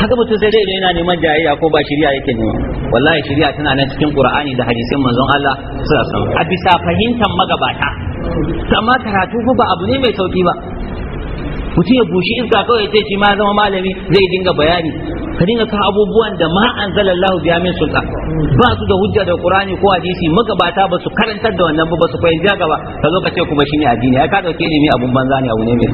haka mutum sai dai yana neman jayayya ko ba shari'a yake nema wallahi shari'a tana nan cikin Qur'ani da hadisin manzon Allah sallallahu alaihi wasallam a bisa fahimtar magabata amma karatu ba abu ne mai sauki ba mutum ya bushi iska kawai sai shi ma zama malami zai dinga bayani ka dinga ka abubuwan da ma an zalallahu biya min sulta ba su da hujja da qur'ani ko hadisi magabata ba su karantar da wannan ba su fahimci haka ba ka zo ka ce kuma shine addini ai ka dauke abun banza ne abu ne mai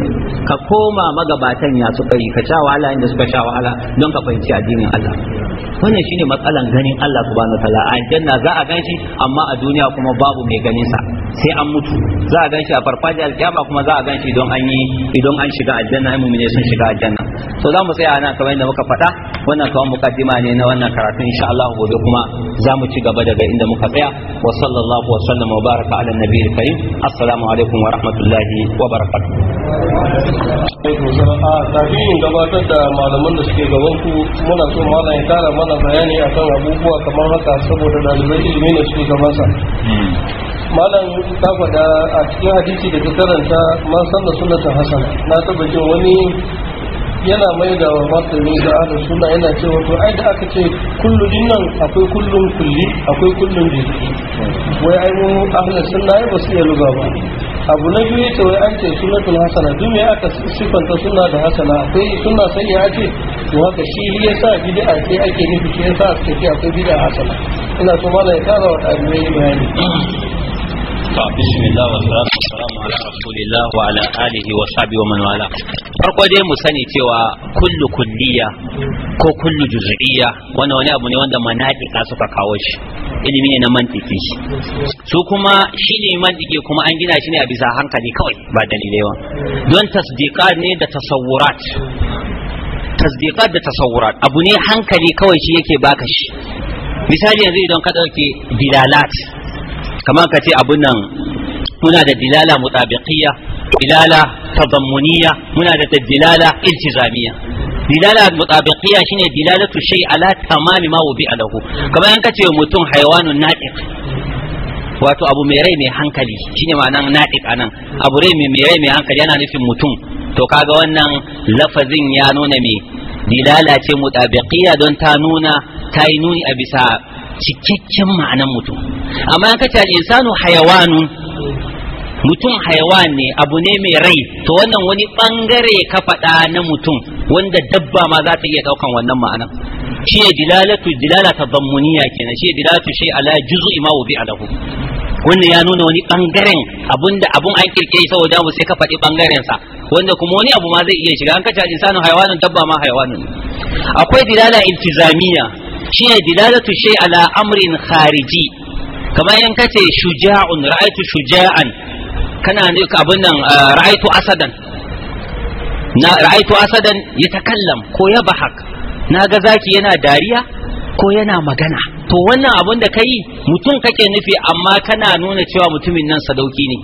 ka koma magabatan ya suka yi ka sha wahala inda suka sha wahala don ka fahimci addinin Allah wannan shine matsalan ganin Allah subhanahu wataala a janna za a ganshi amma a duniya kuma babu mai ganin sa sai an mutu za a gan shi a farfajiyar alkiyama kuma za a gan shi idan an yi idan an shiga aljanna ai mu'mine sun shiga aljanna so za mu tsaya nan kamar yadda muka faɗa wannan kawai mukaddima ne na wannan karatu insha Allah gobe kuma za mu ci gaba daga inda muka tsaya wa sallallahu wa sallama wa baraka ala nabiyil karim assalamu alaikum wa rahmatullahi wa barakatuh kafin gabatar da malaman da suke gaban ku muna so malam ya tara mana bayani akan abubuwa kamar haka saboda dalibai ilimi ne suke gabansa hmm. malam ta faɗa a cikin hadisi da ta karanta ma san da sunnatin hasana na taba wani yana mai da martani da ahlus sunna yana cewa to ai da aka ce kullu dinnan akwai kullun kulli akwai kullun jiki wai ai mu ahlus sunna ai basu iya luga ba abu na biyu yace wai an ce sunnatul hasana duk me aka sifanta sunna da hasana akwai sunna sai ya ce to haka shi yasa bid'a ce ake nufi shi yasa ake ce akwai bid'a hasana ina so malam ya kara wa ɗalibai bayani بسم الله والصلاه والسلام على رسول الله وعلى اله وصحبه ومن والاه farko dai mu sani cewa kullu kulliya ko kullu juz'iyya wannan wani abu ne wanda manadika suka kawo shi ilimi ne na mantiki su kuma shi ne mantiki kuma an gina shi ne a bisa hankali kawai ba dalilai ba don tasdiqat ne da tasawurat tasdiqat da tasawurat abu ne hankali kawai shi yake baka shi misali yanzu idan ka dauke dilalat kamar ka ce abun nan muna da dilala mutabiqiyya dilala tadammuniyya muna da dilala iltizamiyya dilala mutabiqiyya shine dilalatu shay ala tamami ma wubi alahu kamar an kace mutum haiwanun naqiq wato abu mai rai mai hankali shine ma'anan naqiq anan abu rai mai rai mai hankali yana nufin mutum to kaga wannan lafazin ya nuna me dilala ce mutabiqiyya don ta nuna ta yi nuni a bisa cikakken ma'anan mutum amma an ce insanu hayawanun mutum hayawan ne abu ne mai rai to wannan wani bangare ka faɗa na mutum wanda dabba ma za ta iya ɗaukan wannan ma'ana shi ya dilalatu dilalata zammuniya kenan shi ya dilalatu shi ala juzu ma wubi alahu wannan ya nuna wani bangaren abunda abun an shi saboda mu sai ka faɗi bangaren sa wanda kuma wani abu ma zai iya shiga an kace insanu hayawanun dabba ma hayawanun akwai dilala iltizamiya shine dilalatu shay ala amrin khariji kamar yan kace shuja'un ra'aytu shuja'an kana ne abin nan ah, ra'aitu asadan na ra'aytu asadan yatakallam ko ya bahak naga zaki yana dariya ko yana magana to wannan abin da kai mutum kake nufi amma kana nuna cewa mutumin nan sadauki ne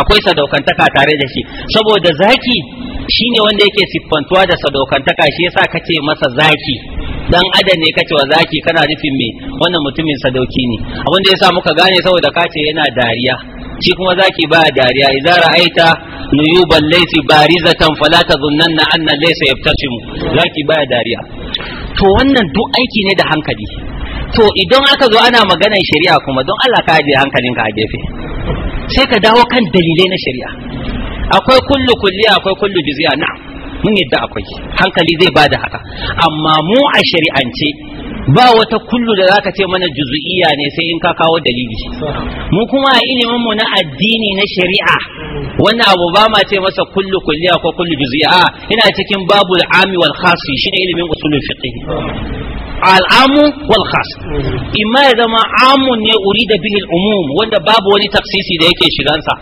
akwai sadaukantaka tare da shi saboda zaki shine wanda yake siffantuwa da sadaukantaka shi yasa kace masa zaki dan adam ne kace wa zaki kana nufin me wannan mutumin sadauki ne abin da yasa muka gane saboda kace yana dariya shi kuma zaki ba dariya idza ra'aita nuyuban laysi barizatan fala tadhunnanna anna laysa yabtashimu zaki ba dariya to wannan duk aiki ne da hankali to idan aka zo ana maganar shari'a kuma don Allah ka ajiye hankalinka a gefe sai ka dawo kan dalilai na shari'a akwai kullu kulliya akwai kullu juz'iya na'am mun yadda akwai hankali zai ba da haka amma mu a shari'ance ba wata kullu da zaka ce mana juzu'iya ne sai in ka kawo dalili mu kuma a ilimin mu na addini na shari'a wannan abu ba ma ce masa kullu kulliya ko kullu juzu'iya ina cikin babul ami wal khasi shine ilimin usulul fiqh al'amu wal khas imma ya zama amun ne urida bihi al umum wanda babu wani taksisi da yake shigansa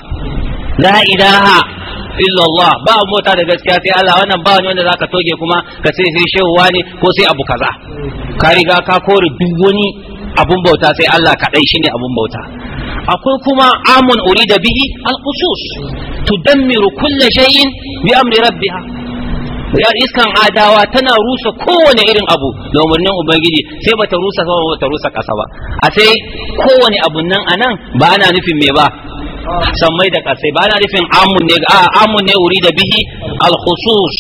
la ilaha illallah ba mota da gaskiya sai Allah wannan ba wani wanda zaka toge kuma ka ce sai shehuwa ne ko sai abu kaza ka riga ka kore duk wani abun bauta sai Allah kadai shine abun bauta akwai kuma amun urida bihi al-qusus tudammiru kulli shay'in bi amri rabbiha yar iskan adawa tana rusa kowane irin abu da umarnin ubangiji sai bata rusa sama bata rusa kasa ba a sai kowane abun nan anan ba ana nufin me ba sammai da kasai ba na nufin amun ne a amun ne wuri da bihi al-khusus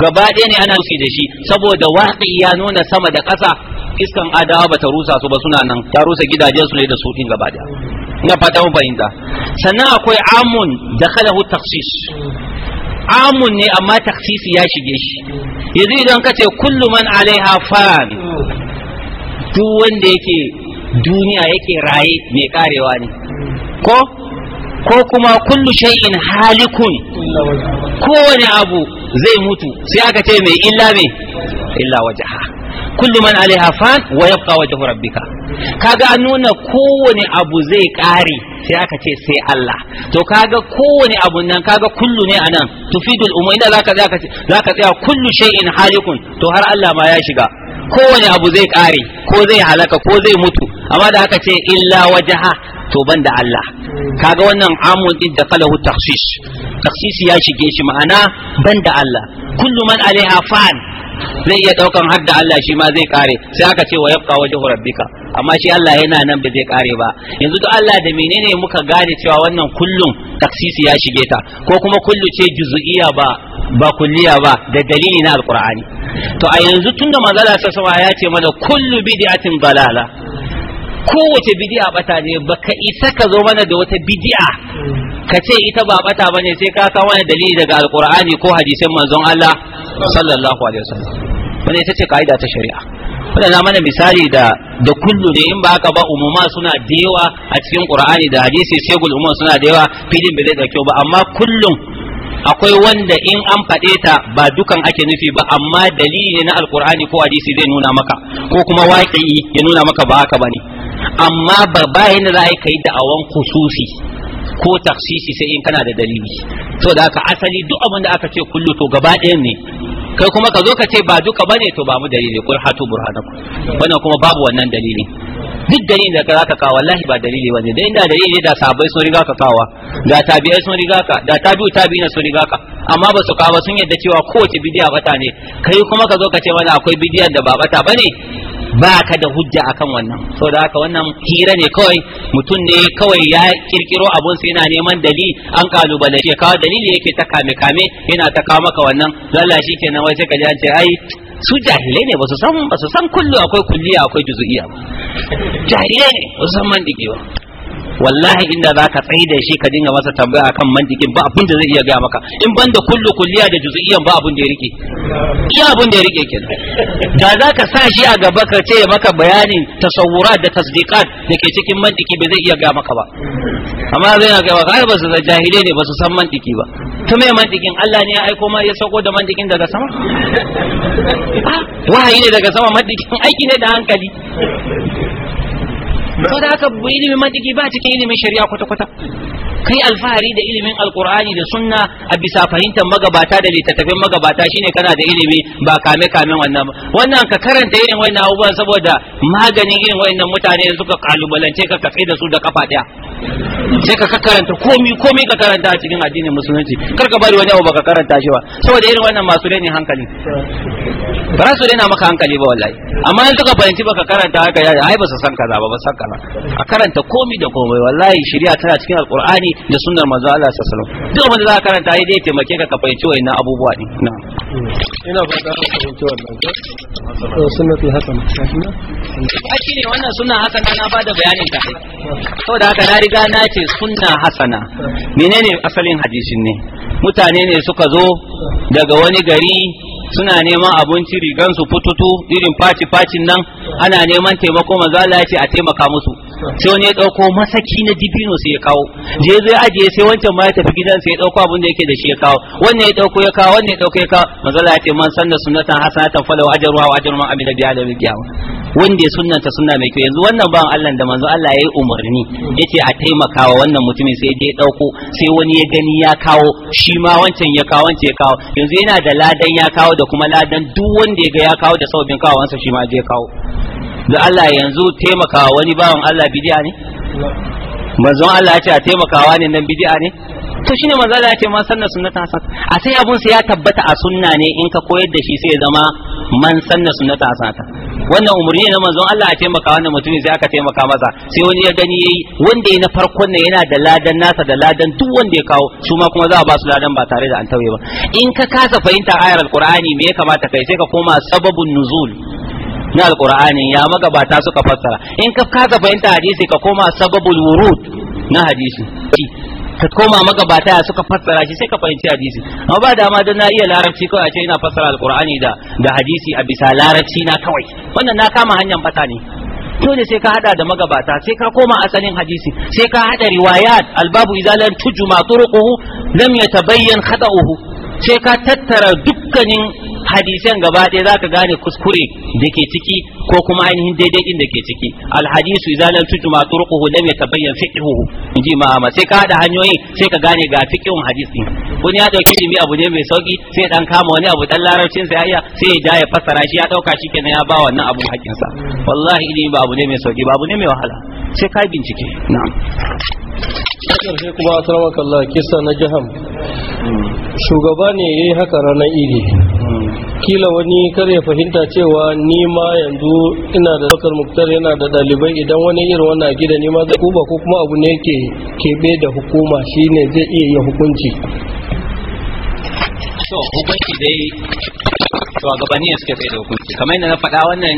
gaba ɗaya ne ana nufi da shi saboda waƙi ya nuna sama da ƙasa iskan adawa ba ta rusa su ba suna nan ta rusa gidajen su ne da su ɗin gaba ɗaya na fata mun fahimta sannan akwai amun da kalahu taksis amun ne amma taksis ya shige shi yanzu idan ka ce kullu man alaiha fan duk wanda yake duniya yake raye mai karewa ne ko ko kuma kullu shay'in halikun kowane abu zai mutu sai aka ce mai illa mai illa wajaha kullu man alaiha fan wa yabqa wajhu rabbika kaga an nuna kowane abu zai kare sai aka ce sai Allah to kaga kowane abu nan kaga kullu ne anan tufidul umu inda zaka zaka zaka tsaya kullu shay'in halikun to har Allah ma ya shiga kowane abu zai kare ko zai halaka ko zai mutu amma da aka ce illa wajaha to ban da Allah kaga wannan amun din da kalahu takhsis takhsis ya shige shi ma'ana ban da Allah kullu man alaiha fan zai iya daukan har da Allah shi ma zai kare sai aka ce wa yabqa wajhu rabbika amma shi Allah yana nan ba zai kare ba yanzu to Allah da menene muka gane cewa wannan kullun taksisi ya shige ta ko kuma kullu ce juzuiya ba ba kulliya ba da dalili na alqur'ani to a yanzu tunda manzala sa ya ce mana kullu bid'atin dalala kowace bidi'a bata ne baka isa ka zo mana da wata bidi'a ka ce ita ba bata ne sai ka kawo mana dalili daga alkur'ani ko hadisin manzon Allah sallallahu alaihi wasallam wannan ita ce kaida ta shari'a wannan na mana misali da da kullu ne in ba haka ba umuma suna da yawa a cikin qur'ani da hadisi sai gul suna da yawa filin bai zai dauke ba amma kullum akwai wanda in an faɗe ta ba dukan ake nufi ba amma dalili na alkur'ani ko hadisi zai nuna maka ko kuma waƙi ya nuna maka ba haka bane amma ba bayan da za a yi kai da'awan kususi ko taksisi sai in kana da dalili to da aka asali duk abin da aka ce kullu to gaba ɗayan ne kai kuma ka zo ka ce ba duka bane to ba mu dalili kul hatu burhanaku wannan kuma babu wannan dalili duk dalilin da za ka kawo wallahi ba dalili wani da inda dalili da sabai sun riga ka kawo da tabi'ai sun riga ka da tabi'u tabi'ina sun riga ka amma ba su kawo sun yadda cewa kowace bidiya bata ne kai kuma ka zo ka ce mana akwai bidiyar da ba bata bane ba ka da hujja akan wannan so da haka wannan hira ne kawai mutum ne kawai ya kirkiro abun sai yana neman dalili an kalubale kawai dalili yake ta kame kame yana ta kawo maka wannan lalla kenan wai sai ka an ce ai su jahilai ne ba su san kullu akwai kulliya akwai juzu'iya ba jahilai ne ba su san mandiki ba wallahi inda za ka tsaye da shi ka dinga masa tambaya akan mantikin ba abin da zai iya gaya maka in ban da kullu kulliya da juz'iyyan ba abin da ya rike iya abin da ya rike ke da za ka sa shi a gaba ka ce maka bayanin tasawura da tasdiqat da ke cikin mantiki ba zai iya gaya maka ba amma zai na ba ba su da jahilai ne ba su san mantiki ba ta mai mantikin Allah ne ya aiko ma ya sauko da mantikin daga sama ah, wahayi ne daga sama mantikin aiki ne da hankali so da haka ilimin mantiki ba cikin ilimin shari'a kwata-kwata kai alfahari da ilimin alkur'ani da sunna a bisa fahimtar magabata da littattafin magabata shine kana da ilimi ba kame kamen wannan wannan ka karanta irin wannan abubuwan saboda maganin irin wannan mutane suka kalubalance ka kafe da su da kafa daya sai ka karanta komi komi ka karanta a cikin addinin musulunci kar ka bari wani abu baka karanta shi ba saboda irin wannan masu ne hankali ba su rena maka hankali ba wallahi amma in suka fahimci baka karanta haka ya ai ba su san kaza ba ba san kaza a karanta komi da komai wallahi shari'a tana cikin alqur'ani da sunnar manzo Allah sallallahu alaihi wasallam duk wanda za ka karanta ai dai taimake ka ka fahimci wannan abubuwa din na ina fata ka fahimci wannan sunnatul hasan a shine wannan sunna hasana na bada bayanin ta saboda haka na riga na ce sunna hasana menene asalin hadisin ne mutane ne suka zo daga wani gari suna neman abinci rigan su fututu irin faci facin nan ana neman taimako maza Allah ce a taimaka musu sai wani ya dauko masaki na dibino sai ya kawo je zai ajiye sai wancan ma ya tafi gidan sai ya dauko abin da yake da shi ya kawo wannan ya dauko ya kawo wannan ya dauko ya kawo maza Allah ya ce man sanna sunnatan hasanatan falahu ajruha wa ajru man amila biha yawm al wanda ya ta sunna mai kyau yanzu wannan ban Allah da manzo Allah yayi umarni yace a taimakawa wannan mutumin sai dai dauko sai wani ya gani ya kawo shi ma wancan ya kawo wancan ya kawo yanzu yana da ladan ya kawo da kuma ladan duk wanda ya ga ya kawo da sabbin kawawansa shi ma je kawo da Allah yanzu taimakawa wani bawan Allah bidiya ne manzon Allah ya ce a taimakawa ne nan bidiya ne to shine manzo Allah ya ce ma sunna sunnata a sai abun sai ya tabbata a sunna ne in ka koyar da shi sai ya zama man sanna sunnata hasanata wannan umurni na manzon Allah ya taimaka wannan mutumin sai aka taimaka masa sai wani ya gani yayi wanda ya na farkon ne yana da ladan nasa da ladan duk wanda ya kawo su ma kuma za a ba su ladan ba tare da an tauye ba in ka kasa fahimta ayar alqur'ani me ya kamata kai sai ka koma sababun nuzul na alqur'ani ya magabata suka fassara in ka kasa fahimta hadisi ka koma sababul wurud na hadisi ka koma magabata ya suka fassara shi sai ka fahimci hadisi amma ba dama don na iya larabci kawai a ce ina fassara alkur'ani da da hadisi a bisa larabci na kawai wannan na kama hanyar bata ne dole sai ka hada da magabata sai ka koma asalin hadisi sai ka hada riwayat albabu idza lam tujma turuquhu lam yatabayyan khata'uhu sai ka tattara dukkanin hadisan gaba ɗaya zaka gane kuskure da ke ciki ko kuma ainihin daidai din da ke ciki alhadisu idan lam tujma turquhu lam yatabayyan fiqhuhu inji ma sai ka hada hanyoyin sai ka gane ga fiqhun hadisi wani ya dauki ilimi abu ne mai sauki sai dan kama wani abu dan larabcin sa ya sai ya dai fassara shi ya dauka shi kenan ya ba wannan abu hakkin sa wallahi ilimi ba abu ne mai sauki ba abu ne mai wahala sai ka bincike na'am sai kuma a tarawaka Allah kisa na jiham shugaba ne ya yi haka ranar idi hmm. kila wani kar ya fahimta cewa ni ma yanzu ina da sakar muktar yana da dalibai idan wani irin wannan gida ne ma zai kuba ko kuma abu ne yake kebe da hukuma shine zai iya yin hukunci to hukunci dai to gabani suke kai da hukunci kamar yadda na faɗa wannan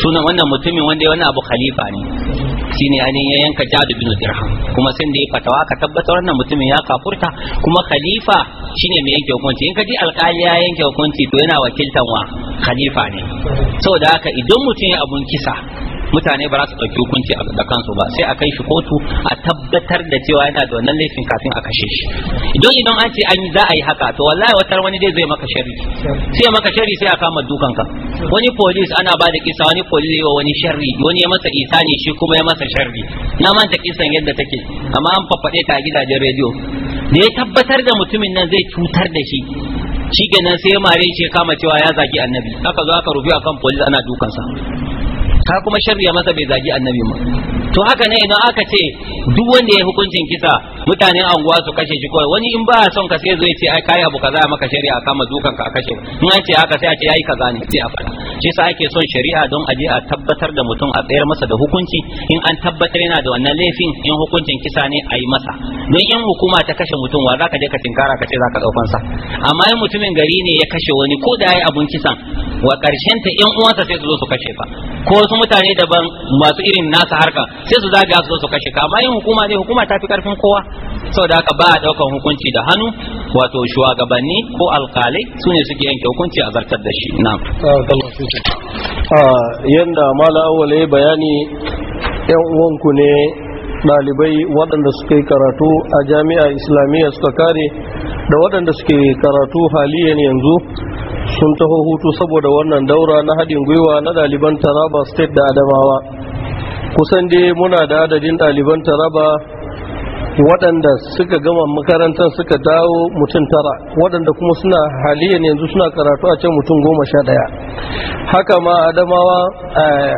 sunan wannan mutumin wanda ya wani abu khalifa ne shine anin ya yanka jadu bin dirham kuma sai da ya fatawa ka tabbatar wannan mutumin ya kafurta kuma khalifa shine mai yanke hukunci in ka ji alkali ya yanke hukunci to yana wakiltan wa khalifa ne saboda haka idan mutum ya abun kisa mutane ba za su ɗauki hukunci da kansu ba sai a kai shi kotu a tabbatar da cewa yana da wannan laifin kafin a kashe shi don idan an ce an za a yi haka to wallahi wata wani dai zai maka sharri sai maka sharri sai a kama dukanka wani police ana ba da kisa wani police wa wani sharri wani ya masa ne shi kuma ya masa sharri na manta kisan yadda take amma an faffaɗe ta a gidajen rediyo da ya tabbatar da mutumin nan zai cutar da shi shi kenan sai mare shi kama cewa ya zagi annabi aka zo aka rufe akan police ana dukansa ka kuma sharri masa bai zagi annabi ma to haka ne idan aka ce duk wanda ya hukuncin kisa mutanen anguwa su kashe shi kawai wani in ba son ka sai zai ce ai kai abu kaza maka shari'a kama dukan ka kashe in an ce haka sai a ce yayi kaza ne sai a fara shi yasa ake son shari'a don a je a tabbatar da mutum a tsayar masa da hukunci in an tabbatar yana da wannan laifin in hukuncin kisa ne a yi masa don in hukuma ta kashe mutum wa zaka je ka tinkara ka ce zaka daukan sa amma in mutumin gari ne ya kashe wani ko da yayi abun kisan wa karshen ta yan uwansa sai su zo su kashe ka ko wasu mutane daban masu irin nasa harka sai su zagaya su zo su kashe ka amma in hukuma ne hukuma ta fi karfin kowa Sau da haka ba a daukan hukunci da hannu wato shugabanni ko alkalai su ne suke yanke hukunci a zartar da shi na yanda mala awale bayani yan uwanku ne ɗalibai waɗanda suke karatu a jami'a islamiyya suka kare da waɗanda suke karatu haliyan yanzu sun taho hutu saboda wannan daura na haɗin gwiwa na ɗaliban taraba state da adamawa kusan dai muna da adadin ɗaliban taraba waɗanda suka gama makarantar suka dawo mutum tara waɗanda kuma suna haliyan yanzu suna karatu a can mutum goma sha ɗaya haka ma adamawa eh,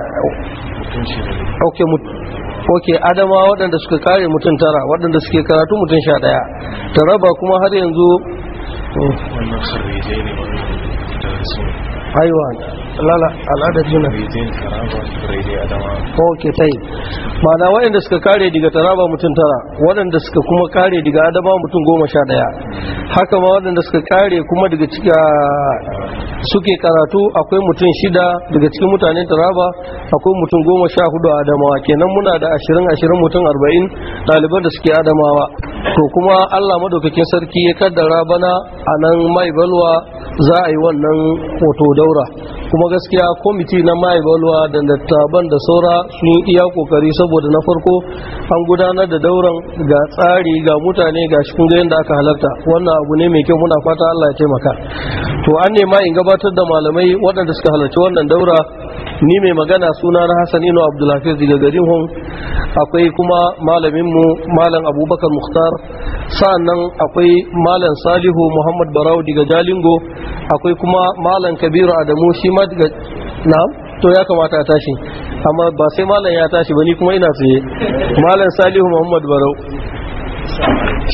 ok adama waɗanda suka kare mutum tara waɗanda suke karatu mutum sha ɗaya taraba kuma har yanzu hmm. haiwan lala al'adar jina ok tai Ma'ana waɗanda suka kare daga taraba mutum tara waɗanda suka kuma kare daga adama mutum goma sha ɗaya haka ma waɗanda suka kare kuma daga cika suke karatu akwai mutum shida daga cikin mutanen taraba akwai mutum goma sha hudu a adamawa kenan muna da ashirin ashirin mutum arba'in ɗaliban da suke adamawa to kuma allah madaukakin sarki ya kaddara bana a nan mai balwa za a yi wannan hoto da الدورة kuma gaskiya kwamiti na ma'aibalwa da dattaban da saura sun iya kokari saboda na farko an gudanar da dauran ga tsari ga mutane ga shi kunga da aka halarta wannan abu ne mai kyau muna fata allah ya taimaka to an nema in gabatar da malamai waɗanda suka halarci wannan daura ni mai magana suna na hassan ino abdulhafiz daga garin hon akwai kuma malaminmu malam abubakar muhtar sa'annan akwai malam salihu muhammad barau daga jalingo akwai kuma malam kabiru adamu shi ma kuma daga na'am to ya kamata a tashi amma ba sai malam ya tashi ba ni kuma ina tsaye malam salihu muhammad barau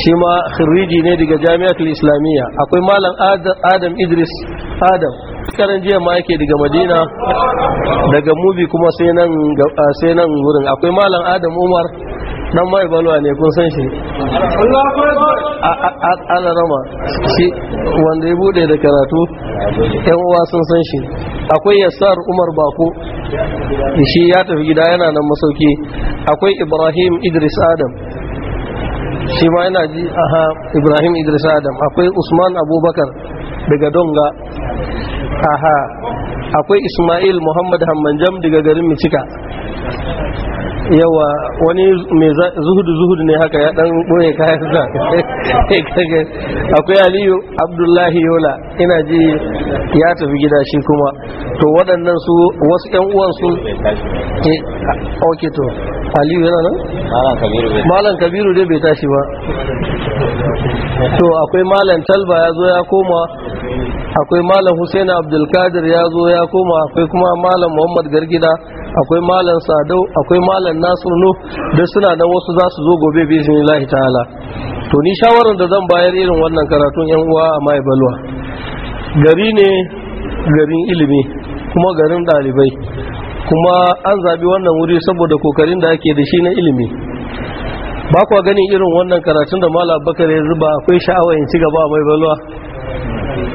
shi ma khiriji ne daga jami'atul islamiyya akwai malam adam idris adam karan jiya ma yake daga madina daga mubi kuma sai nan wurin akwai malam adam umar dan mai balwa ne kun san shi ala rama shi wanda ya bude da karatu yan uwa sun san shi akwai yassar umar bako shi ya tafi gida yana nan masauki akwai ibrahim idris adam shi ma yana ji aha ibrahim idris adam akwai usman abubakar daga donga aha akwai ismail muhammad hammanjam daga garin micika yawa wani mai zuhudu zuhudu ne haka ya dan boye kayan sa akwai aliyu abdullahi yola ina ji ya tafi gida shi kuma to waɗannan su wasu yan uwan su eh, to aliyu yana nan malam kabiru dai bai tashi ba to akwai malam talba ya zo ya koma akwai malam husaini abdulkadir ya zo ya koma akwai kuma malam muhammad gargida akwai malam sadau akwai malam nasir da duk suna da wasu za su zo gobe bi lahi ta'ala to ni shawarar da zan bayar irin wannan karatun yan uwa a mai balwa gari ne garin ilimi kuma garin dalibai kuma an zabi wannan wuri saboda kokarin da ake da shi na ilimi ba kwa ganin irin wannan karatun da malam bakar ya zuba akwai sha'awa in ci gaba mai balwa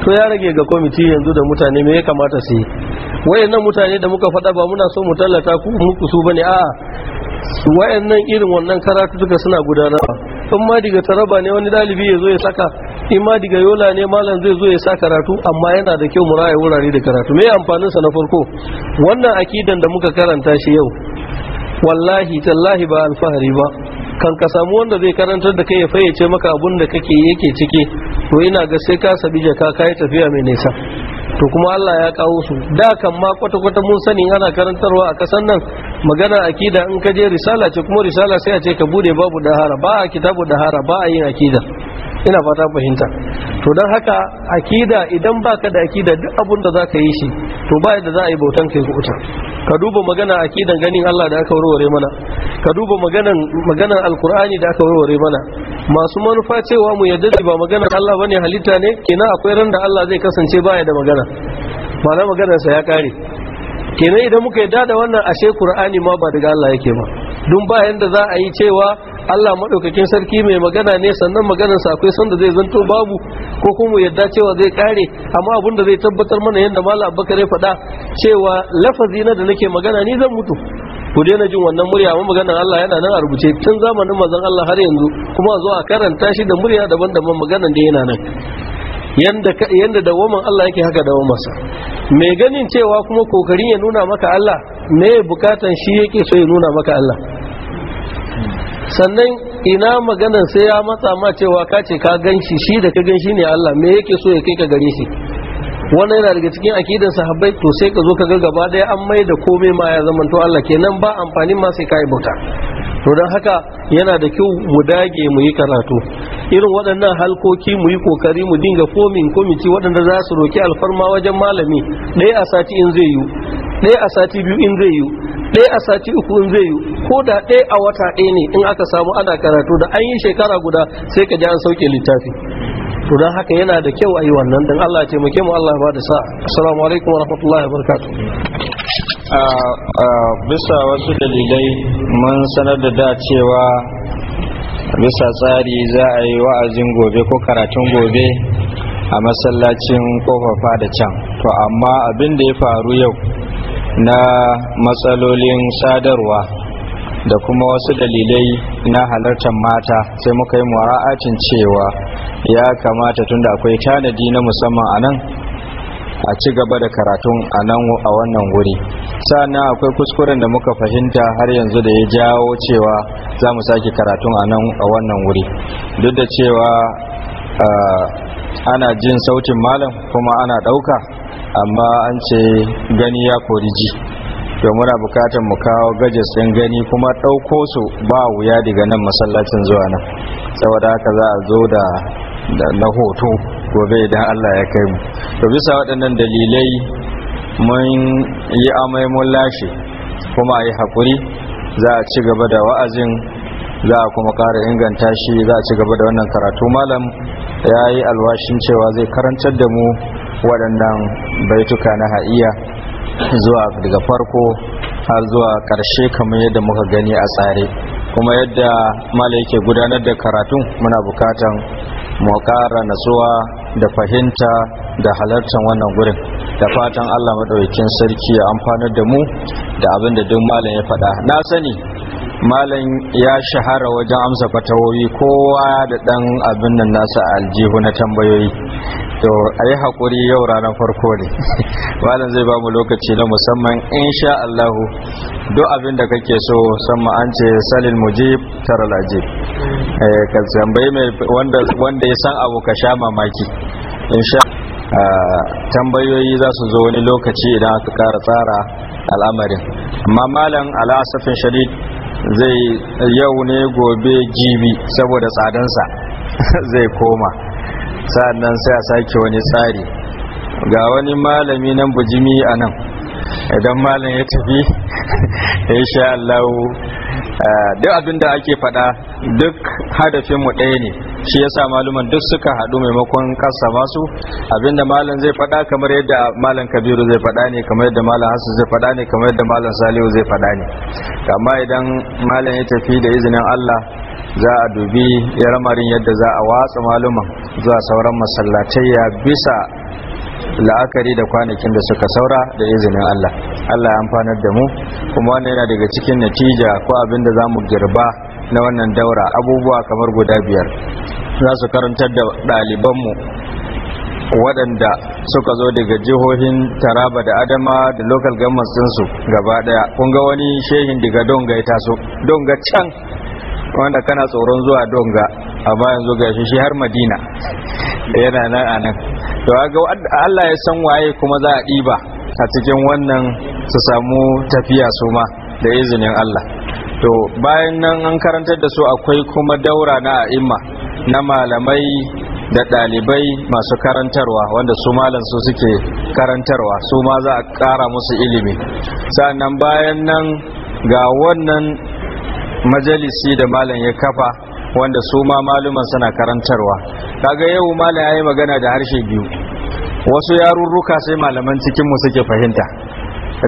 to ya rage ga kwamiti yanzu da mutane me ya kamata su yi wayannan mutane da muka faɗa ba muna so mu tallata ku muku su bane a wayannan irin wannan karatu duka suna gudanarwa in ma diga taraba ne wani dalibi ya zo ya saka in ma diga yola ne malam zai zo ya sa karatu amma yana da kyau mu raya wurare da karatu me amfanin sa na farko wannan akidan da muka karanta shi yau wallahi tallahi ba alfahari ba kan ka samu wanda zai karantar da kai ya fayyace maka abun da kake yake ciki to ina ga sai ka sabi jaka ka yi tafiya mai nisa to kuma Allah ya kawo su da kan ma kwata kwata mun sani ana karantarwa a kasan nan magana akida in ka je risala ce kuma risala sai a ce ka bude babu dahara ba a kitabu dahara ba a yin akida ina fata fahimta to don haka akida idan baka da akida duk abun da zaka yi shi to ba yadda za a yi bautan kai kuta ka duba magana akidan ganin Allah da aka warware mana ka duba maganan maganan alkur'ani da aka warware mana masu manufa cewa mu yadda ba maganar Allah bane halitta ne kenan akwai ran da Allah zai kasance baya da magana ba na maganarsa ya kare kenan idan muka yadda da wannan ashe qur'ani ma ba daga Allah yake ba dun bayan da za a yi cewa Allah maɗaukakin sarki mai magana ne sannan maganar sa akwai sanda zai zanto babu ko kuma yadda cewa zai kare amma abin da zai tabbatar mana yadda malam abubakar ya faɗa cewa lafazi na da nake magana ni zan mutu ku daina jin wannan murya amma maganar Allah yana nan a rubuce tun zamanin mazan Allah har yanzu kuma a zo a karanta shi da murya daban-daban maganar da yana nan yanda dawaman Allah yake haka dawamarsa mai ganin cewa kuma kokarin ya nuna maka Allah me bukatan shi yake so ya nuna maka Allah sannan ina maganar sai ya matsa ma cewa ka ce ka gan shi shi da ka gan shi ne Allah me yake so ya kai ka gare shi wannan yana daga cikin akidan sahabbai to sai ka zo ka ga gaba daya an mai da komai ma ya zama to Allah kenan ba amfani ma sai kai bauta to don haka yana da kyau mu dage mu yi karatu irin waɗannan halkoki mu yi kokari mu dinga komin komiti waɗanda za su roki alfarma wajen malami ɗaya a sati in zai yi ɗaya a sati biyu in zai yi ɗaya a sati uku in zai yi ko da ɗaya a wata ɗaya ne in aka samu ana karatu da an yi shekara guda sai ka ji an sauke littafi to don haka yana da kyau a yi wannan don Allah ya taimake mu Allah ya ba sa assalamu alaikum wa rahmatullahi wa barakatuh bisa wasu dalilai mun sanar da da cewa bisa tsari za a yi wa'azin gobe ko karatun gobe a masallacin kofafa da can to amma abin da ya faru yau na matsalolin sadarwa da kuma wasu dalilai na halartar mata sai muka yi cewa ya kamata tunda akwai tanadi na musamman a nan a ci gaba da karatun a nan a wannan wuri sannan akwai kuskuren da muka fahimta har yanzu da ya jawo cewa za mu sake karatun a nan a wannan wuri duk da cewa ana jin sautin malam kuma ana ɗauka amma an ce gani ya kori ji to muna bukatar mu kawo gajes ɗin gani kuma ɗauko su ba wuya daga nan masallacin zuwa nan saboda haka za a zo da na hoto gobe idan Allah ya kai mu to bisa waɗannan dalilai mun yi amai mun lashe kuma a yi haƙuri za a ci gaba da wa'azin za a kuma ƙara inganta shi za a ci gaba da wannan karatu malam ya yi alwashin cewa zai karantar da mu waɗannan baituka na ha'iya zuwa daga farko har zuwa ƙarshe kamar yadda muka gani a tsare kuma yadda mala yake gudanar da karatun muna bukatan mu kara natsuwa da fahimta da halartar wannan gurin da fatan allah maɗaukin sarki ya amfanar da mu da abin da duk malam ya faɗa na sani malam ya shahara wajen amsa fatawoyi kowa da ɗan abin nan nasa aljihu na tambayoyi to a yi haƙuri yau ranar farko ne malam zai ba mu lokaci na musamman insha allahu duk abin da kake so musamman an ce salil mujib tara lajib Eh, ka tambayi mai wanda ya san abu ka sha mamaki insha ah, tambayoyi za su zo wani lokaci idan aka kara tsara al'amarin amma malam al'asafin shadid zai yau ne gobe jibi saboda tsadansa zai koma sa'annan sai a sake wani tsari ga wani malami nan bujimi a nan idan malam ya tafi insha Allah eh, duk abinda ake fada duk hadafin mu ɗaya ne shi yasa maluman duk suka haɗu maimakon kasa masu abinda malam zai fada kamar yadda malam Kabiru zai fada ne kamar yadda malam Hassan zai fada ne kamar yadda malam Salihu zai fada ne amma idan malam ya tafi da izinin Allah za a dubi yaramarin yadda za a watsa maluman zuwa sauran masallatai ya bisa la'akari da kwanakin da suka saura da izinin Allah Allah ya amfanar da mu kuma wannan yana daga cikin natija ko abin da za mu girba na wannan daura abubuwa kamar guda biyar za su karantar da ɗalibanmu waɗanda suka zo daga jihohin taraba da adama da local gamas ɗinsu gaba ɗaya kun ga wani shehin daga donga ya taso donga can wanda kana tsoron zuwa donga a bayan zo gashi shi har madina yana nan a nan to ga Allah ya san waye kuma za a ɗiba a cikin wannan su samu tafiya su ma da izinin Allah to bayan nan an karantar da su akwai kuma daura na a'imma na malamai da ɗalibai masu karantarwa wanda su malam su suke karantarwa su ma za a kara musu ilimi sannan bayan nan ga wannan majalisi da malam ya kafa wanda su ma maluman suna karantarwa kaga yau malam ya yi magana da harshe biyu wasu yarurruka sai malaman cikinmu suke fahimta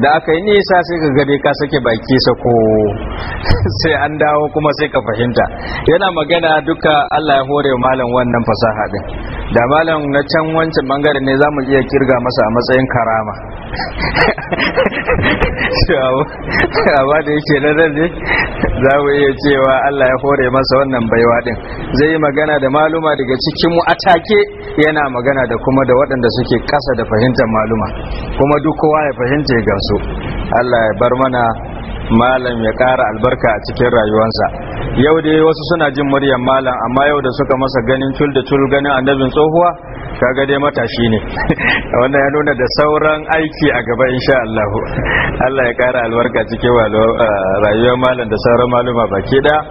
da aka yi nisa sai ka gade ka sake baki sako sai an dawo kuma sai ka fahimta yana magana duka allah ya hore malam wannan fasaha din da malam na can wancan bangare ne za mu iya kirga masa a matsayin karama amma da yake na nan ne za mu iya cewa allah ya hore masa wannan baiwa din zai yi magana da maluma daga cikin mu atake yana magana da kuma da waɗanda suke ƙasa da fahimtar maluma kuma duk kowa ya fahimta ga kansu Allah ya bar mana malam ya kara albarka a cikin rayuwansa yau dai wasu suna jin muryar malam amma yau da suka masa ganin cul da cul ganin annabin tsohuwa kaga dai matashi ne wannan ya nuna da sauran aiki a gaba insha Allah Allah ya kara albarka cikin eh, rayuwar malam da sauran maluma baki da